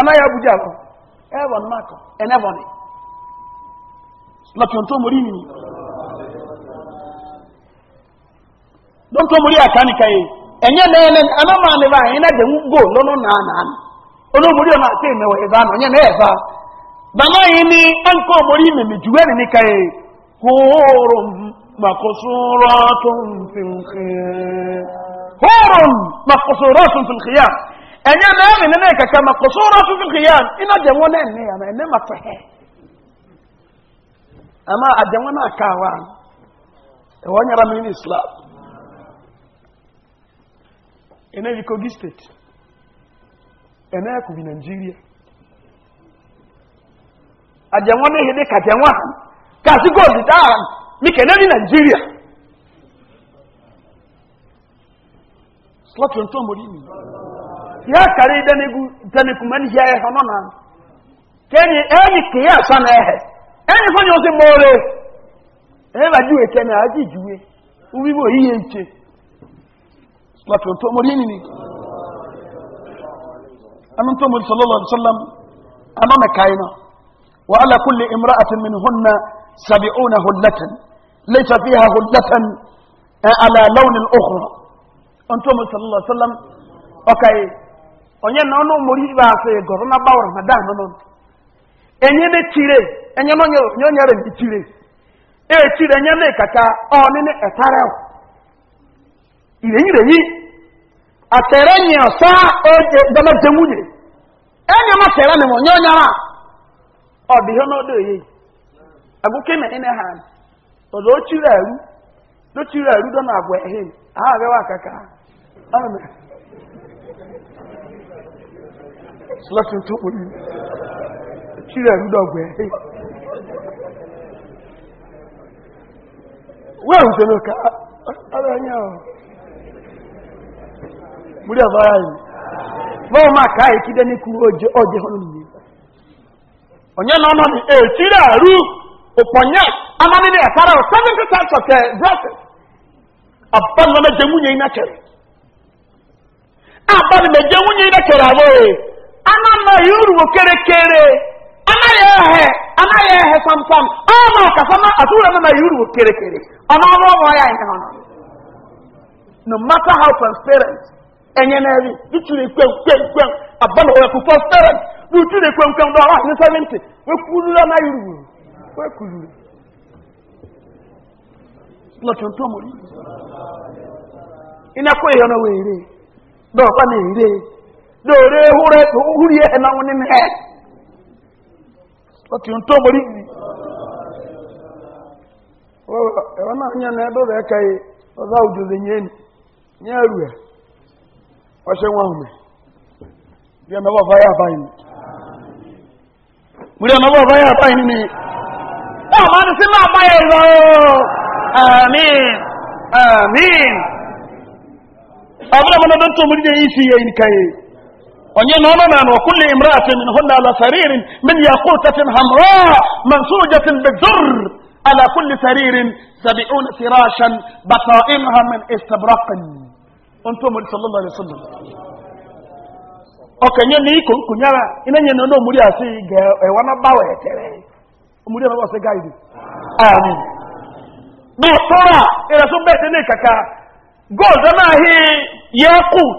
anaghị abuja akọ evon makọ enevoni lọkì ntọ mori nìyí lọkì mori akanika yi enye na ene anama ne ba anyị na dem go lọnụ na ana ana ono mori ọna ase emewa ebe anọ onye na eva bana yi ni anko mori meme juwe ni nika yi horo makosorotun fi nkiyar horo makosorotun fi nkiyar ɛnyɛ mɛmi ne ne kɛkɛ ma kɔsɔɔrɔ soso kiyam ina jɛnwɔ ne ne yamɛ ne ma tɔ hɛ ama a jɛnwɔ na kaa wa ɛwɔ nyara mi ni islam ɛnɛ bi kogi state ɛnɛ kò bi nigeria a jɛnwɔ ne yɛ de ka jɛnwɔ han kasi gold ta han mi kɛ ne bi nigeria slot yɛn tó mori mi. ya kare dani kuman hiya ya hono na kenyi enyi ke ya san ehe enyi fonyo se more e ba juwe kene aji juwe ubi bo hiye nche slato to mori ni ni anan to mori sallallahu alaihi wasallam amama kaina wa ala kulli imra'atin minhunna sab'una hullatan laysa fiha hullatan ala lawn al-ukhra antum sallallahu alaihi wasallam okay onye na ọnụ mụrụ ibe asị gọrọ na gbawa ramadan nọ enye ne tire enye na onye nyere ndị tire e tire enye ne kaka ọnịne etara irenyi renyi atere nye ọsa oje e, dọla jemwunye enye ma tere ne onye onyara ọ dị ihe n'ọdọ ehe agụkọ ime ene ha ọzọ ochiri eru dochiri eru dọ na agwa ehe ha agawa kaka ọnụ slọtụ ntụ kpuru chiri ọgwụ ehihie. wee hụtara ka ara anya ahụ muri abara anyị ma ọ ma ka anyị kide oje oje hụrụ n'ihe onye nọ arụ na of na nwunye ị anama yoruba kerekere anaghị ehe anaghị ehe kwamkwam ọ ma ọkasa na atụrụ na na yoruba kerekere ọ na ọrụ ọrụ ya ihe ọnụ no matter how transparent enye na eri itiri kwem kwem kwem abana ọya kwụ transparent na utiri kwem kwem na ọrụ ahụ nsa ntị wekwurula na yoruba wekwurula lọtọ ntọmori ịnakwa ihe na were dọkwa na ere lóore húrẹ́ tó na ẹ̀ náà wọn nínú ẹ̀ ọtí ń tó mọ́rí yìí ẹ̀rọ náà yẹn náà ẹ̀dọ́ rẹ̀ kẹ́yẹ ọ̀dọ́ òjò lè yẹn ni yẹn rù ẹ̀ ọṣẹ́ wọn ya bí ẹ̀mẹ́ bọ̀ fáyà báyìí ni bí ẹ̀mẹ́ bọ̀ ni ونين هنا وكل امرأة منهن على سرير من ياقوتة حمراء منسوجة بالذر على كل سرير سبعون فراشا بطائنها من استبرق انتم صلى الله عليه وسلم ọkànyẹ ní ikò nkùnyára iná yẹn ní ọdún múlíà sí gẹ ẹwà náà báwọ̀ ẹ̀tẹ̀rẹ̀ múlíà náà sí gáìdì ààrin bí tọ́ra ìrẹsùn bẹ́ẹ̀ sí ní kàkà gold náà hí yẹ́kùt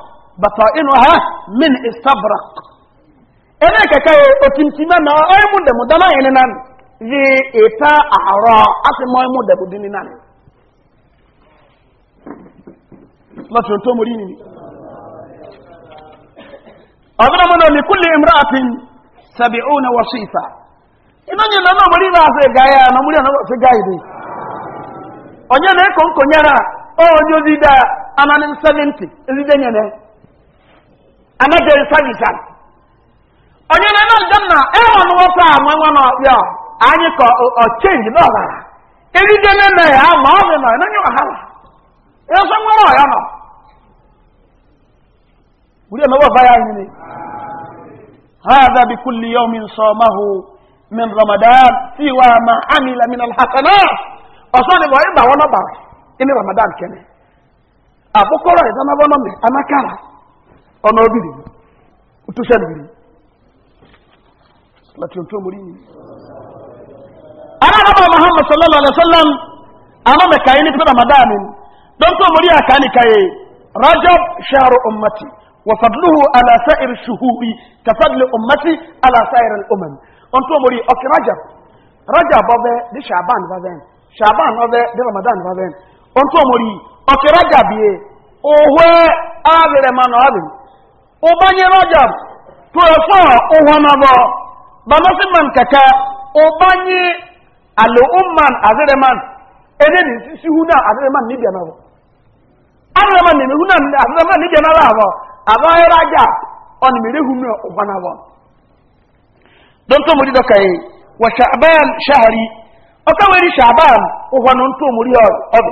بطائنها من استبرق انا كاي اوتيمتيما ما اي مو دمو دما ينان ذي ايتا احرا اسي مو مو دمو دينان ما تشوتو مريني أظن من لكل امرأة سبعون وصيفة إنني لنا مرينا في غاية أنا مرينا في غاية دي أنا نكون كنيرا أو نيوزيدا أنا نسلنتي إذا نينا anagye nsanyisa onye na nam dam na ɛwɔ no wɔfɔ a nwanwa na ɔyɛ anyi kɔ ne na ya ma ɔbɛ na ɛnanyɛ ɔhala ɛnso nwere ɔyɛ no ya nyini هذا بكل يوم Ramadan من رمضان سوى ما عمل من الحسنات أصلا بقى إبا Ramadan anakara. ọ̀nà obìnrin òtúṣẹ́ nìbìrì láti ohun tó mú rí ní alábàbà muhammad sallallahu alaihi wasallam àwọn mẹ́kàáyé ní pẹ́lá madáàmì don tó mú rí àkáníkàyé rajab sharu ummati wa fadluhu ala sa'ir shuhuri ka fadli ummati ala sa'ir al'umam on tó mú rí ọkì rajab rajab ọbẹ̀ ní shaban vaven shaban ọbẹ̀ ní ramadan vaven on tó mú rí ọkì rajab yẹ òwe ààrẹ mọ́nà ọ̀rìn ụbanye rọjab tụrọfọ ụhọnọbọ banọsiman kaka ụbanye alụmman azịrịman eneni sisi huna azịrịman n'ibia nọbọ azịrịman n'ime huna azịrịman n'ibia nọbọ abọ abọghịrị aja ọnụmere hunu ụbanabọ don tó mori dọka yi e, wa sha'ban shahari ọka weri sha'ban ụhọnọ ntó mori ọbụ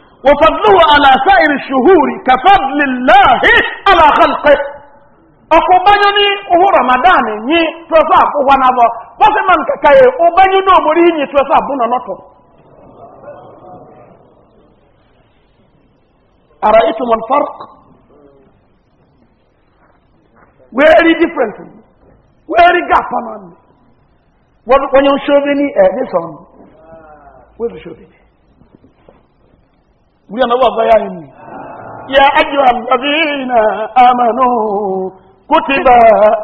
وفضله على سائر الشهور كفضل الله على خلقه ọkùnbányú ní ohun ramadan ní tọ́sà àbúwá náà bọ́ wọ́n máa ń kẹkẹ̀ẹ́ ọbányú náà mọ̀rí ní tọ́sà àbúnà lọ́tọ̀ ara ètò wọn fark wẹ́ẹ̀rí different wẹ́ẹ̀rí gàpá náà ni wọ́n yóò ṣóbi ní ẹ̀ẹ́dẹ́sọ̀n wọ́n yóò ṣóbi ní يا أيها الذين آمنوا كتب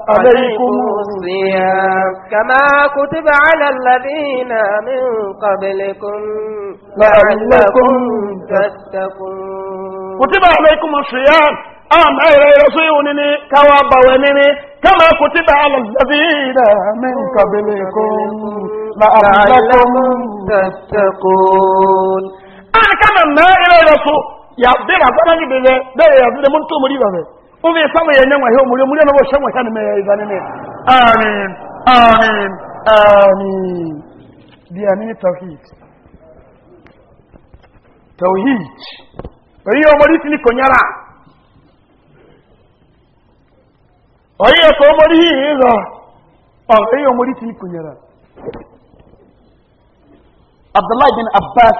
عليكم الصيام كما كتب على الذين
من قبلكم لعلكم تتقون كتب عليكم الصيام أم أي رسولني كواب ونني كما كتب على الذين من قبلكم لعلكم تتقون an kana na ire ire so ya de ba gwana ni bebe de ya de mun muntu muri ba be o be sawo ya nyanwa he muri muri na bo shanwa kan me ya ne ne amin amin amin bi amin tawhid tawhid riyo muri tini konyara oye ko muri hizo o oh, riyo muri tini konyara Abdullah bin Abbas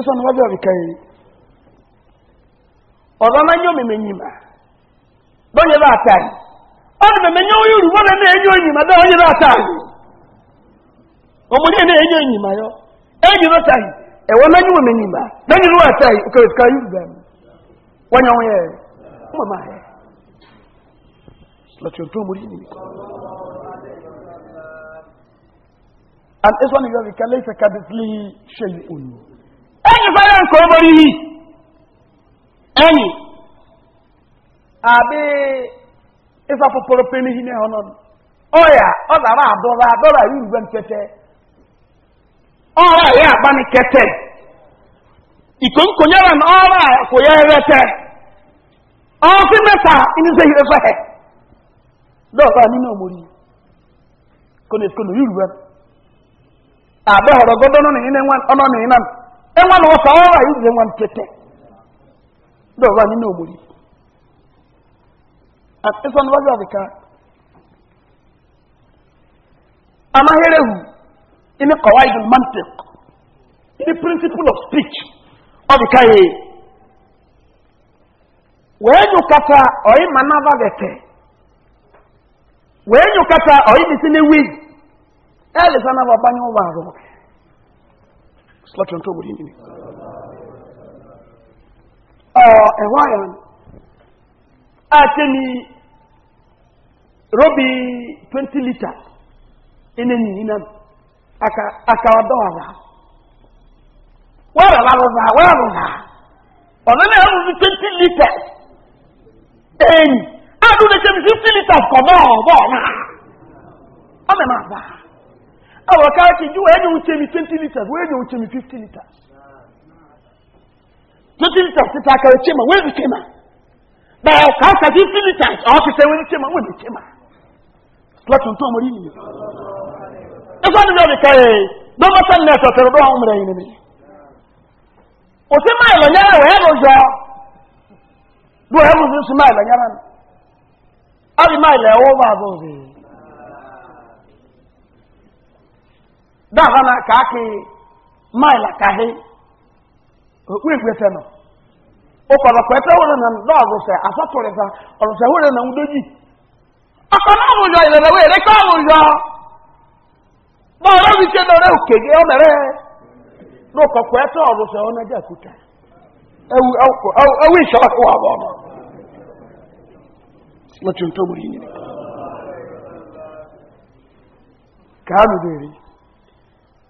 ịsọ na wabịa bụ kai ọzọ na nye omeme nyi ma donye ba ata anyị ọ dị meme nye onye uru wọle na-enye onyi ma donye ba ata anyị omume na-enye onyi ma yọ enyi ba ata anyị ewe na nye omeme nyi ma donye ba ata anyị okere ka yi ugbu anyị wọnye onye ụmụ ma ya lọtụ ntụ omori yi الإسلام يقول ليس كمثله شيء enyi fara nke obere ihe enyi abi ịsọpụpụrụ pere ihe n'ihe ọnụ ọya ọ dara adọra adọra ya urube nkete ọra ya akpa nkete iko nkonyere na ọrụ ọra kwụ ya erete ọsị meta inise ihe fehe dọta n'ime omori kone kone urube abịa họrọ gọdọ nọ n'ịnwe ọnọ n'ịnam ẹwà lọ sọ ọrọ yìí rẹ wọn tẹtẹ bí ọba nínú òmùrí ẹsọ níwájú àbíká amáhérehù ní kọwa ìdùn mantic ní principle of speech ọbíká yìí wèé nyù kata ọ̀yí manava bẹ̀tẹ̀ wèé nyù kata ọ̀yí bìsí ní wí ẹ̀ lè sanava bá nyú wà rọ̀ sọlọtọ tó wòlíì nìyí. ẹ̀wọ́ àyàn àti ní robi twenty litre ẹni nìyí náà aka aka ọdọ wà rà wàrà wà rà wàrà rà ọ̀nà náà yà robi twenty litre ẹ̀yìn àdúgbò ṣe fifty litre kọ̀ náà ọ̀bọ̀ ọ̀nà ọ̀mẹ̀ máa bá a awa kaki ju wenye uchemi 20 liters wenye uchemi 50 liters 20 liters titaka uchema wenye uchema ba kaka 50 liters awakise wenye uchema wenye uchema lati ntuwa mwini ẹgbẹ́ ni yóò nìkan yẹn dọ́gbọ́n sẹ́ni ẹ̀sọ̀ tẹ̀rẹ̀ dọ́wọ́ àwọn ọmọdé yìí nìyí òsì máa ìlọ̀nyára wọ̀ ẹ́ lọ jọ lọ ẹ́ lọ sí máa ìlọ̀nyára ni a lè máa ìlọ̀ ẹ̀wọ́ bá a bọ̀ rèé dáhà náà kàákì máìlà kàáhì òkú ìgbésẹ̀ nà ọkọ̀dọ̀kọ̀ ẹ̀fẹ́ wọlé nà ńlọ àgùsẹ̀ àsọ̀tòrè fa ọ̀rùsẹ̀ wọlé nà ńdójì ọkọ̀ náà mú yọ ìrẹ̀lẹ̀ wẹ̀ ẹ̀rẹ́ kọ́ mú yọ bọ́ọ̀rọ̀ mi ṣe lọ́rẹ́ tó yìí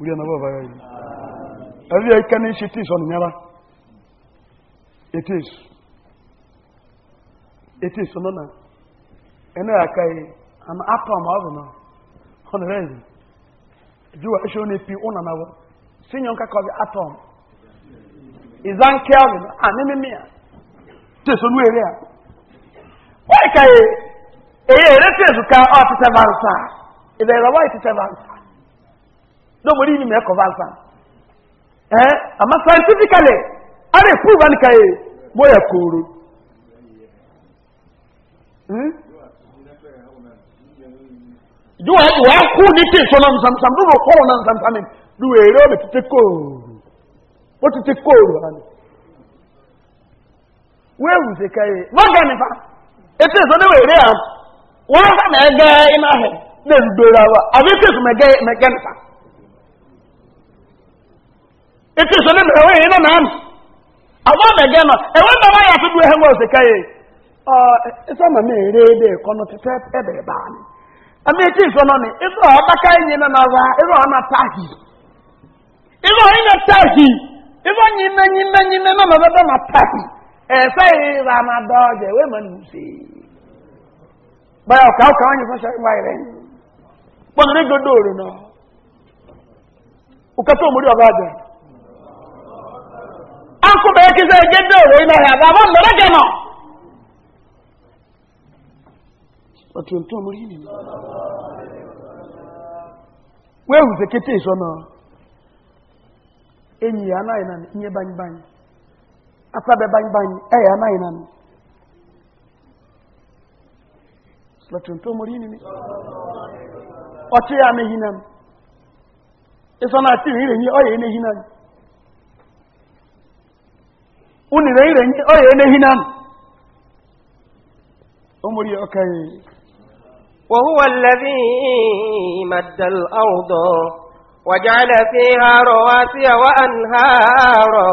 uri na baba yayi abi ay kan shi ti son nyara it is it is no na ene akai an apa ma obo na on ready ju wa show na pi una na wo sinyon ka ko atom izan kelvin anemi mia te so nu ere a why e ka eye ere te zuka o ti te vansa ibe ra why ti te vansa lóòmùrí ni mẹ́kọ̀ valsan ee ama scientifically a lè fún ìbánikà yìí bóyẹ̀ kòòrò yíwá ìwà kú ní tí ìṣọ́nà nsàmsàm ló rò kọ́ọ̀nà nsàmsàmì ló èrè ọ̀nà títí kòòrò ó títí kòòrò hàn wéèwù sí kẹyì lọ́gà nípa ètò ìṣọ́nà èrè à wọ́n sàmẹ́gẹ́ iná eke sọ nínú ẹwọ yìí nínú àmì àwọn ọmọdé náà ẹwọ ń bàbá yàtọ̀ dúró ẹhẹ́wọ̀n ọ̀sẹ̀ káyé ọ ẹsẹ màmá èrè dè kọ́nù títẹ́ ẹbẹ̀ bá mi ẹmi etí ìsọ náà ni ẹsọ ọ̀dàkà yìí nínú ara ẹsọ ọ̀nà náà akuba ekize egedde oyo naye agamba mmere gano otuntu omulimi weewuzekete ezono enyi yanayinani nye banyibanyi asabe banyibanyi eyanayinani otuntu omulimi ọchị ya ịsọ na atiri ire ọ unire ire nyi oye enehi nan
وهو الذي مد الأرض وجعل فيها رواسي وأنهارا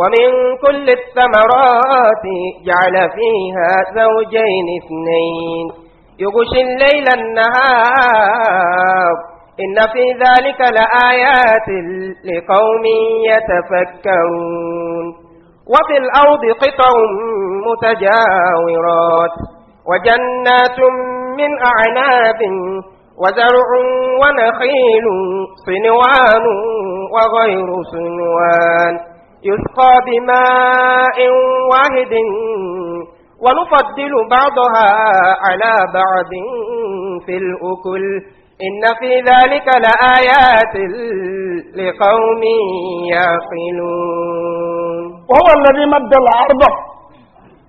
ومن كل الثمرات جعل فيها زوجين اثنين يغشي الليل النهار إن في ذلك لآيات لقوم يتفكرون وفي الأرض قطع متجاورات وجنات من أعناب وزرع ونخيل صنوان وغير صنوان يسقى بماء واحد ونفضل بعضها على بعض في الأكل إن في ذلك لآيات لقوم يعقلون
wọ́wọ́ lẹ́ni mẹ́dẹ̀lá àrùbọ̀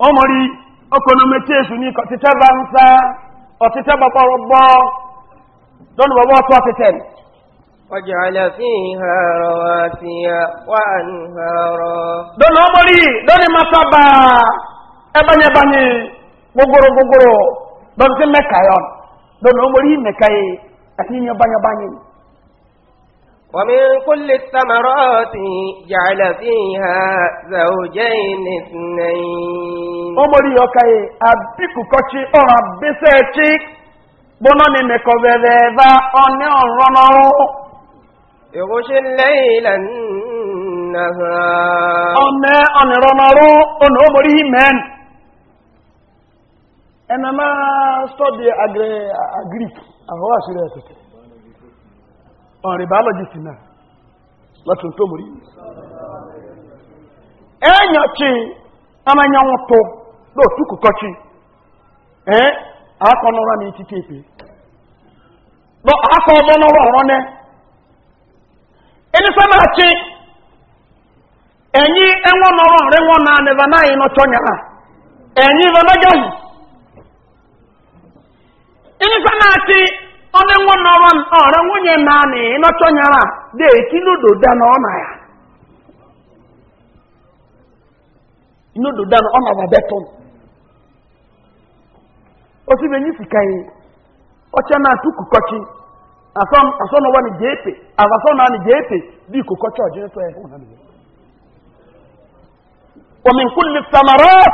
ọmọ rí ọkọ̀nàmẹ́tí èṣù ní ọ̀títẹ́ bá ń sá ọ̀títẹ́ bàbá ọgbọ́ lọ́nà bàbá ọtọ́ ọ̀títẹ́ ni.
وجعل فيها رواسي وأنهارا
دون أمري دون مصابا أبني أبني غغرو غغرو دون سمكايون دون أمري مكاي أتيني أبني أبني
ومن كل الثمرات جعل فيها زوجين
اثنين أمري يوكاي أبيكو كوتشي أو أبيسيتشي بونوني مكوفيفا أوني أورونو يغشي
الليل النهار أوني أوني رونورو
أوني أمري من أنا ما أستودي أجري أجريك أهو أسيري أتكي ọ̀rìn biologist náà lọ́tún tó múrí ẹ̀yàn tí amáyàwó tó lóòtú kùkọ́ tí ẹ́ akọ́nọ́rọ́ ní títí èpè lọ akọ́ ọmọnọ́rọ́ ọ̀rọ́ nẹ́ ẹni sọ́nà tí ẹ̀yí ẹwọ́n nọ́rọ́ rẹ̀ wọ́n náà nẹ́fà náà iná tọ́nyàrá ẹ̀yí ẹni onye nwa nọrọ ọrịa nwunye naanị ịnọchọnyara deeti n'ododa na ọna ya n'ododa na ọna ya betụn osibe nyi sikaghị ọcha na atụ kukọchi asọnọwa ni jeepe asọ na ni jeepe dị kukọchi ọjị ntọ ya ọmịnkulli samarat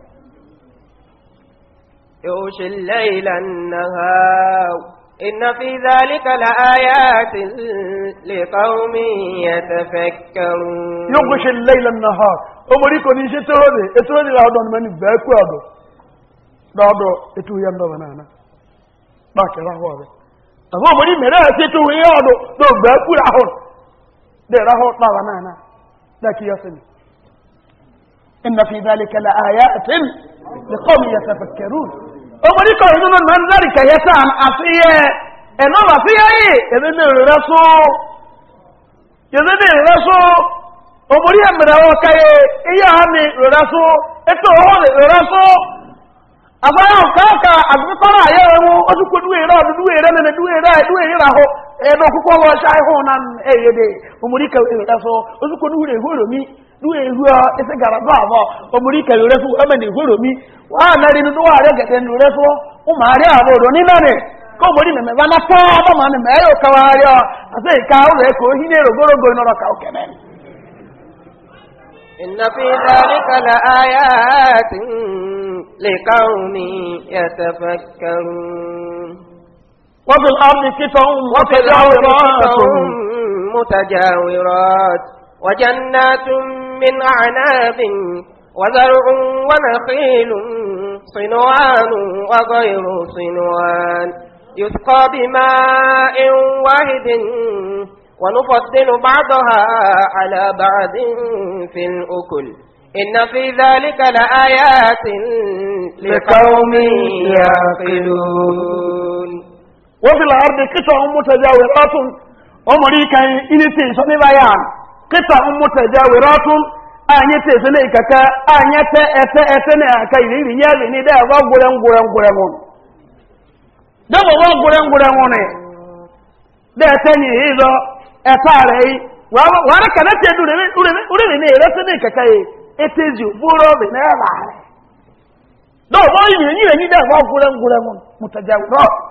يغشي الليل النهار إن في ذلك لآيات لقوم يتفكرون يغشي
الليل النهار أمريكو نيشي تهدي اترودي لعدون من باكو عدو لعدو اتو يندو بنانا باكي رحوة بي أبو أمري مرأة اتو يندو دو باكو لعون دي رحوة لعبنانا لكي يسمي إن في ذلك لآيات لقوم يتفكرون omori kọ inú náà máa ń a kẹyẹ sáà àfihẹ ẹ̀nà wà fíyẹ yìí èdè ní ìrẹ̀rẹ̀ só èdè ní ìrẹ̀rẹ̀ omori kẹyẹ iye ha ní ìrẹ̀rẹ̀ so ètò ọwọ́ ní so só àbáyọ kọ́ọ̀kà àgbẹ̀kọ́rọ̀ àyẹ̀ ẹ̀wọ̀n ó tún kojú ìrẹ̀ ọ̀dún dúwẹ̀ rẹ̀ nínú ṣáà náà omori kẹyẹ so ó dúwé gara ọ gara gàràbà àbọ ọmọdé kẹlẹ rẹ fún ẹmẹ nìhó wa wọn à mẹrin nínú wà rẹ gẹgẹ nínú rẹ fún ọmọ ọ àti ìka ọrọ ẹkọ oyin ní rògbòrògbò nọrọ kà ọkẹ mẹ.
ìnà ka dárí kala ayá ti lè káwọn ní من أعناب وزرع ونخيل صنوان وغير صنوان يسقى بماء واحد ونفضل بعضها على بعض في الأكل إن في ذلك لآيات لقوم
يعقلون وفي الأرض قطع متجاورات أمريكا إنتي سنبيان kịta mmụtaja were ọtụ anyị ta ese na-ekaka anyị ete ete ete na aka iri nye ebe ni dị agwa gwere ngwere ngwere nwụ dọba wa gwere ngwere nwụ ni dị ete nyi ịzọ ete ara yi wara ka na tedu urebe na eresi na ekaka yi ete ezi bụrụ obi na ya na ara dọba wa iri nye ebe ni dị agwa gwere ngwere nwụ mụtaja were ọtụ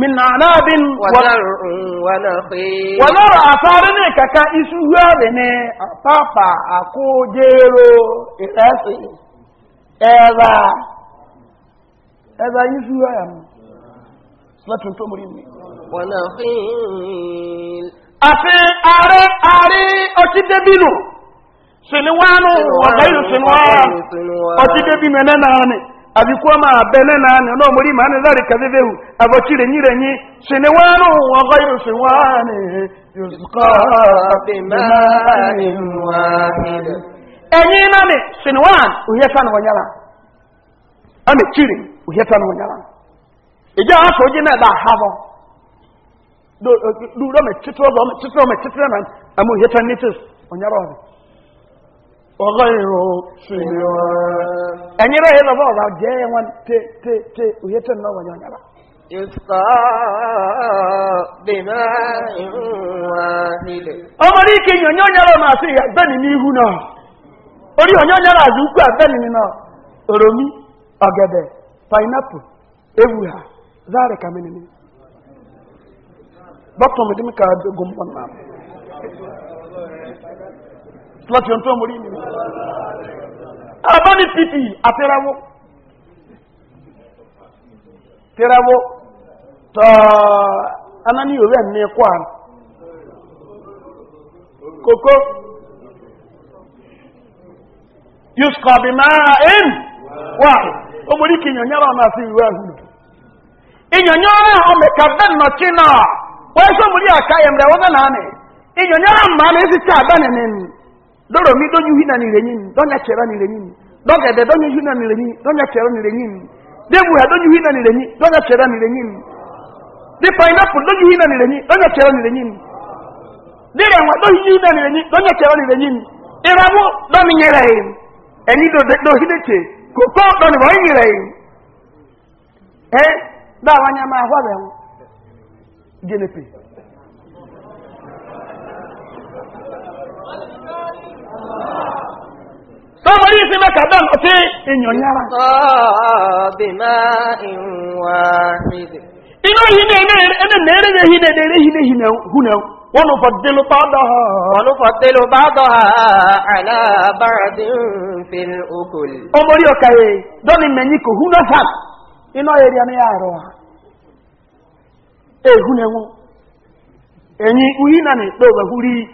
min anabin
wọlọ́rọ̀
àtàrí ní kàkà isu rẹ̀ ní pàpà àkójẹ́rò ìrẹsì ẹ̀rà ẹ̀rà isu rẹ̀ mú lọ́tún tó múrí mi àti ààrẹ ààrẹ ọtí débìnù sinuwanu ọ̀gbẹ̀yìn sinuwa ọtí débìnù abikuwa ma bene ono no muri mane zari kazivehu abakire nyirenyi sine wano wa ghayru siwane bima'in wahid enyi wanyala wanyala ija aso da havo do do me ọgọ́rùn-ún fìlíwọ́n. ẹ̀yin bẹ́ẹ̀ yẹn lọ́wọ́ ọ̀rọ̀ jẹ́ ẹ̀ wọn tẹ tẹ tẹ òye tẹ̀ náà wọ̀nyí ọ̀nyára.
yòókà bímá ìhùwà nílẹ̀.
ọmọ ní kí ni ọ̀nyọ́ nyára máa ṣe àgbẹ̀ni ní ihu náà orí ọ̀nyọ́ nyára àdúgbò àgbẹ̀ni mi láti ọ̀n tó mọ̀rí nìyí àbá ní pt àtẹ́rẹ́wó tẹ́rẹ́wó tọ́ anáni òwe ní ẹ̀kọ́ à kòkó yusufa bí máa ẹ̀m wà ó mọ̀rí kí ìyànyára náà sí ìwé ẹ̀hùn ìyànyára ọmọ ìkàfẹ́ nọ̀kí náà wọ́n ẹ̀ṣọ́ mọ̀rí àkáyẹ̀mẹ̀rẹ̀ wọ́n náà ní ìyànyára máa ní dọ́rọ̀ mi dọ́nyú hí na nìrè yín dọ́nyà kyerẹ́ nìrè yín dọ́gẹ̀dẹ̀ dọ́nyú hí na nìrè yín dọ́nyà kyerẹ́ nìrè yín dẹ́mu hà dọ́nyú hí na nìrè yín dọ́nyà kyerẹ́ nìrè yín dẹ́ painapu dọ́nyú hí na nìrè yín dọ́nyà kyerẹ́ nìrè yín dẹ́ rẹ̀wà dọ́nyú hí na nìrè yín dọ́nyà kyerẹ́ nìrè yín ìràwọ̀ dọ́mi nyẹrẹ̀ yín ẹni dọ́hídẹ́kye kókó dọ́ni wọ́n nyẹrẹ̀ yín ẹ dáa wọ́n nyẹ máa họ́ bẹ̀ wọ́n jẹ́ tọ́mọ yìí sí mẹ́ka dán ọtí èèyàn yára. tọ́bìmá ìwà ìdè. inú yìí ní ẹni nẹ́ẹ̀rẹ́ yẹn yìí nẹ́ẹ̀rẹ́ yìí nẹ́ẹ̀rẹ́ yìí hùnà wọn ò fọdélú bàdọ̀ ha. wọn ò fọdélú bàdọ̀ ha alábàrádì
nfin okòl.
ọmọ yìí ọkà yìí dọ́ni mẹ́yìn kò hùnà fàm inú yìí rí ẹni àárọ̀ wa. ee hùnà wọn ẹ̀yin uyi náà ní ìpè òwò ẹ̀húrí yìí.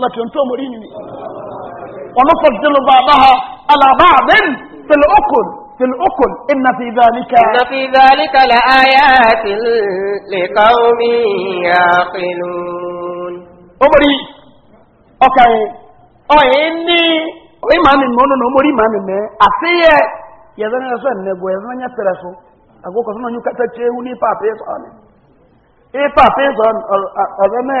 لاتنتو مريني ونفضل بعضها على بعض في الأكل في الأكل إن في ذلك إن في ذلك لآيات لقوم
يعقلون
أمري أوكي أيني إيمان المؤمن أمري إيمان المؤمن أسيء يزن يسوع نبوي يزن يسرسو أقول كسرنا نيكتا تشيوني بابيس أنا إيه بابيس أنا أنا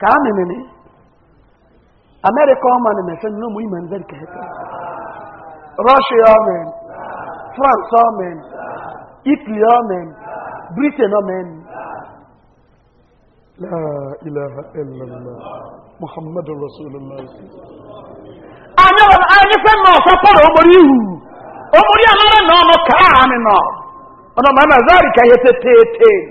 kaa mimimi america ọma na mẹsẹ nínú mu ìmọ̀ nzẹ́rì kẹ̀kẹ́ russia ọmọin france ọmọin italy ọmọin britain ọmọin la ilaha illallah muhammadu rasulillah anyị wọn anyị fẹ́ nọ ọ̀sọ́ pọ̀lọ̀ ọmọdé ihu أنا anára nọ ọmọ kaa àmì nọ ọ̀nà mọ̀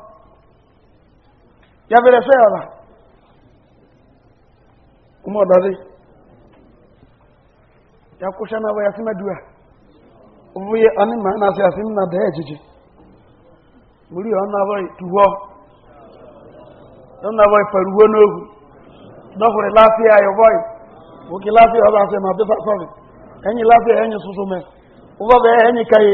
ya bere fẹ́ ọ̀la ọmọ na ya kó ṣẹ́ náà wáyà sí mẹ́dúwà òfúyẹ ọní màá náà sí àsí nínú àdáyà jíjì múrí ọ̀nà àwọ̀ ìtúwọ́ ọ̀nà àwọ̀ ìpẹ̀rúwọ́ n'ógù dọ́kùnrin láfíà ayọ̀bọ̀ yìí òkè láfíà ọba àti ẹ̀mà ya sọ́ọ̀rì ẹ̀yìn láfíà ẹ̀yìn tuntun ọba bẹ́ẹ̀ ẹ̀yìn kàyé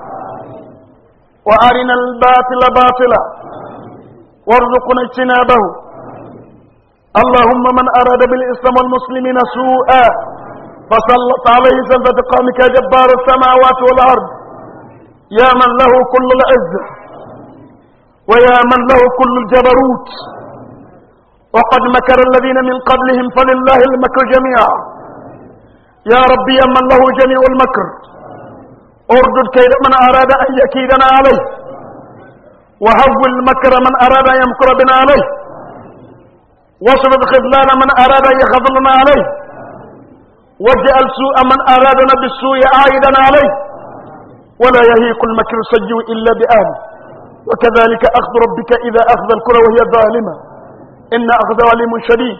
وأرنا الباطل باطلا وارزقنا اجتنابه اللهم من أراد بالإسلام والمسلمين سوءا فسلط عليه سلطة قومك جبار السماوات والأرض يا من له كل العزة ويا من له كل الجبروت وقد مكر الذين من قبلهم فلله المكر جميعا يا ربي يا من له جميع المكر اردد كيد من أراد أن يكيدنا عليه وهول المكر من أراد أن يمكر بنا عليه وصفت خذلان من أراد أن يخذلنا عليه واجعل سوء من أرادنا بالسوء عائدا عليه ولا يهيق المكر السيء إلا بآل وكذلك أخذ ربك إذا أخذ الكرة وهي ظالمة إن أخذ عليم شديد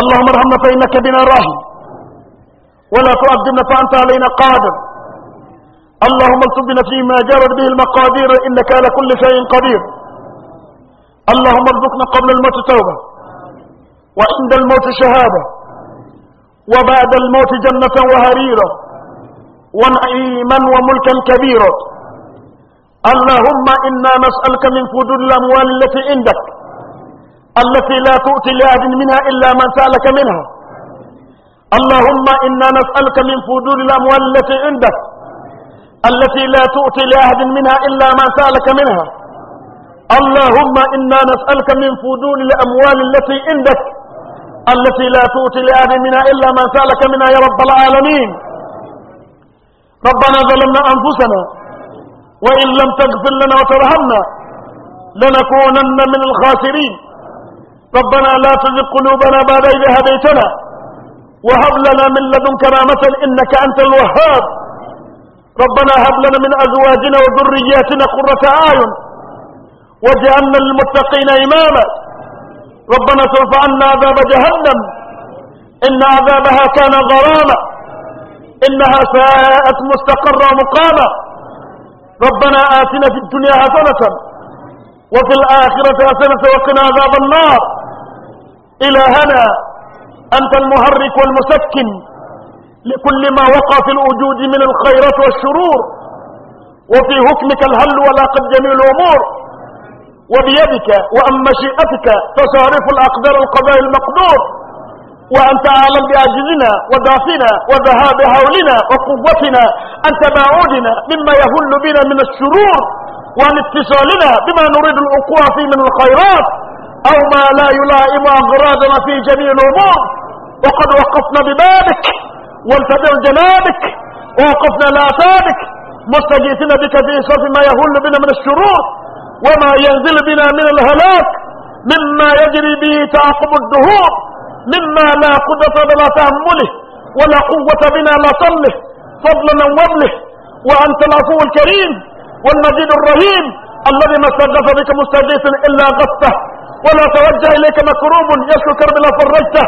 اللهم ارحمنا فإنك بنا راحم ولا تؤذبنا فأنت علينا قادر اللهم ارزقنا فيما جرت به المقادير إنك على كل شيء قدير اللهم ارزقنا قبل الموت توبة وعند الموت شهادة وبعد الموت جنة وهريرة ونعيما وملكا كبيرا اللهم إنا نسألك من فضول الأموال التي عندك التي لا تؤتي لأحد منها إلا من سألك منها اللهم إنا نسألك من فضول الأموال التي عندك التي لا تؤتي لأحد منها إلا ما سألك منها اللهم إنا نسألك من فضول الأموال التي عندك التي لا تؤتي لأحد منها إلا ما سألك منها يا رب العالمين ربنا ظلمنا أنفسنا وإن لم تغفر لنا وترحمنا لنكونن من الخاسرين ربنا لا تزغ قلوبنا بعد إذ هديتنا وهب لنا من لدنك رحمة إنك أنت الوهاب ربنا هب لنا من أزواجنا وذرياتنا قرة أعين واجعلنا للمتقين إماما ربنا صرف عنا عذاب جهنم إن عذابها كان غراما إنها ساءت مستقرا مقاما ربنا آتنا في الدنيا حسنة وفي الآخرة حسنة وقنا عذاب النار إلهنا أنت المهرك والمسكن لكل ما وقع في الوجود من الخيرات والشرور وفي حكمك الهل ولا قد جميع الأمور وبيدك وأن مشيئتك تصارف الأقدار القضاء المقدور وأنت أعلم بعجزنا وضعفنا وذهاب حولنا وقوتنا أنت تباعدنا مما يهل بنا من الشرور وعن اتصالنا بما نريد الوقوع فيه من الخيرات أو ما لا يلائم أغراضنا في جميع الأمور وقد وقفنا ببابك والتبع جنابك ووقفنا لآثارك مستغيثين بك في صرف ما يهول بنا من الشرور وما ينزل بنا من الهلاك مما يجري به تعقب الدهور مما لا قدرة بلا تأمله ولا قوة بنا لا صله فضلا وابله وأنت العفو الكريم والمجيد الرحيم الذي ما استغفر بك مستغيث إلا غفته ولا توجه إليك مكروب يشكو كرب لا فرجته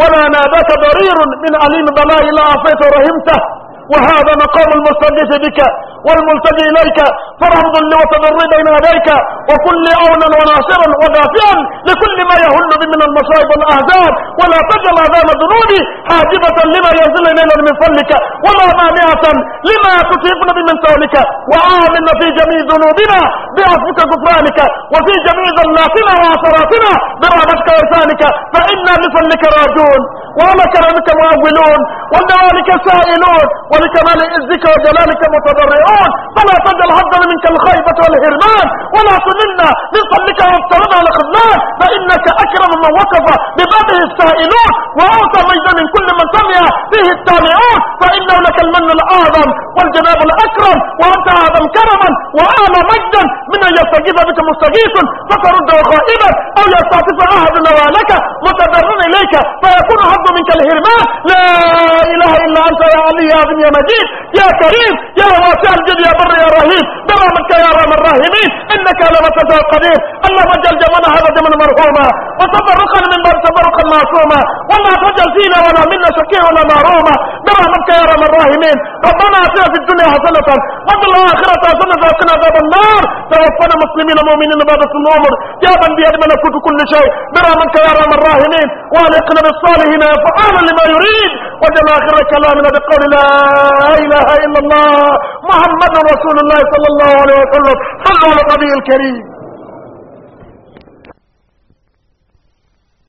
ولا ناداك ضرير من أليم بلاء لا عفيت ورحمته وهذا مقام المستغيث بك والملتجئ إليك فرهض الرضا بين يديك وكل عونا وناصرا ودافعا لكل ما يهل من المصائب والأهزاب ولا تجعل أذان الذنوب حاجبة لما ينزل إلينا من فضلك ولا مانعة لما تصيبنا من فضلك وآمن في جميع ذنوبنا بعفوك غفرانك وفي جميع ذناتنا وعثراتنا برحمتك وإحسانك فإنا بفضلك راجون وعلى كرمك معولون ولذلك سائلون ولكمال عزك وجلالك متضرعون فلا تجعل هدنا منك الخيبة والهرمان ولا تمنا من فضلك وابتغنا على خذلان فإنك أكرم من وقف ببابه السائلون وأعطى مجدا من كل من سمع به التابعون فإنه لك المن الأعظم والجناب الأكرم وأنت أعظم كرما وأعلى مجدا من أن يستجيب بك مستغيث فترد خائبا أو يستعطف أحد نوالك متضرر إليك فيكون هد منك الهرمان لا إله إلا أنت يا علي يا بني يا مجيد يا كريم يا واسع الجد يا بر يا رهيب برا منك يا رام الراهبين انك لما تزال قدير اللهم اجعل جمعنا هذا جمعا مرحوما وتبرقا من بر تبرقا معصوما ولا تجعل فينا ولا منا شقيا ولا معروما برا منك يا رام الراهبين ربنا اتنا في الدنيا حسنه وفي الاخره حسنه وقنا باب النار توفنا مسلمين مؤمنين بعد الامر يا من بيد ملكوت كل شيء برا منك يا رام الراهبين والقنا بالصالحين فعالا لما يريد وجل اخر كلامنا بقول لا إله إلا الله محمد رسول الله صلى الله عليه وسلم صلوا على النبي الكريم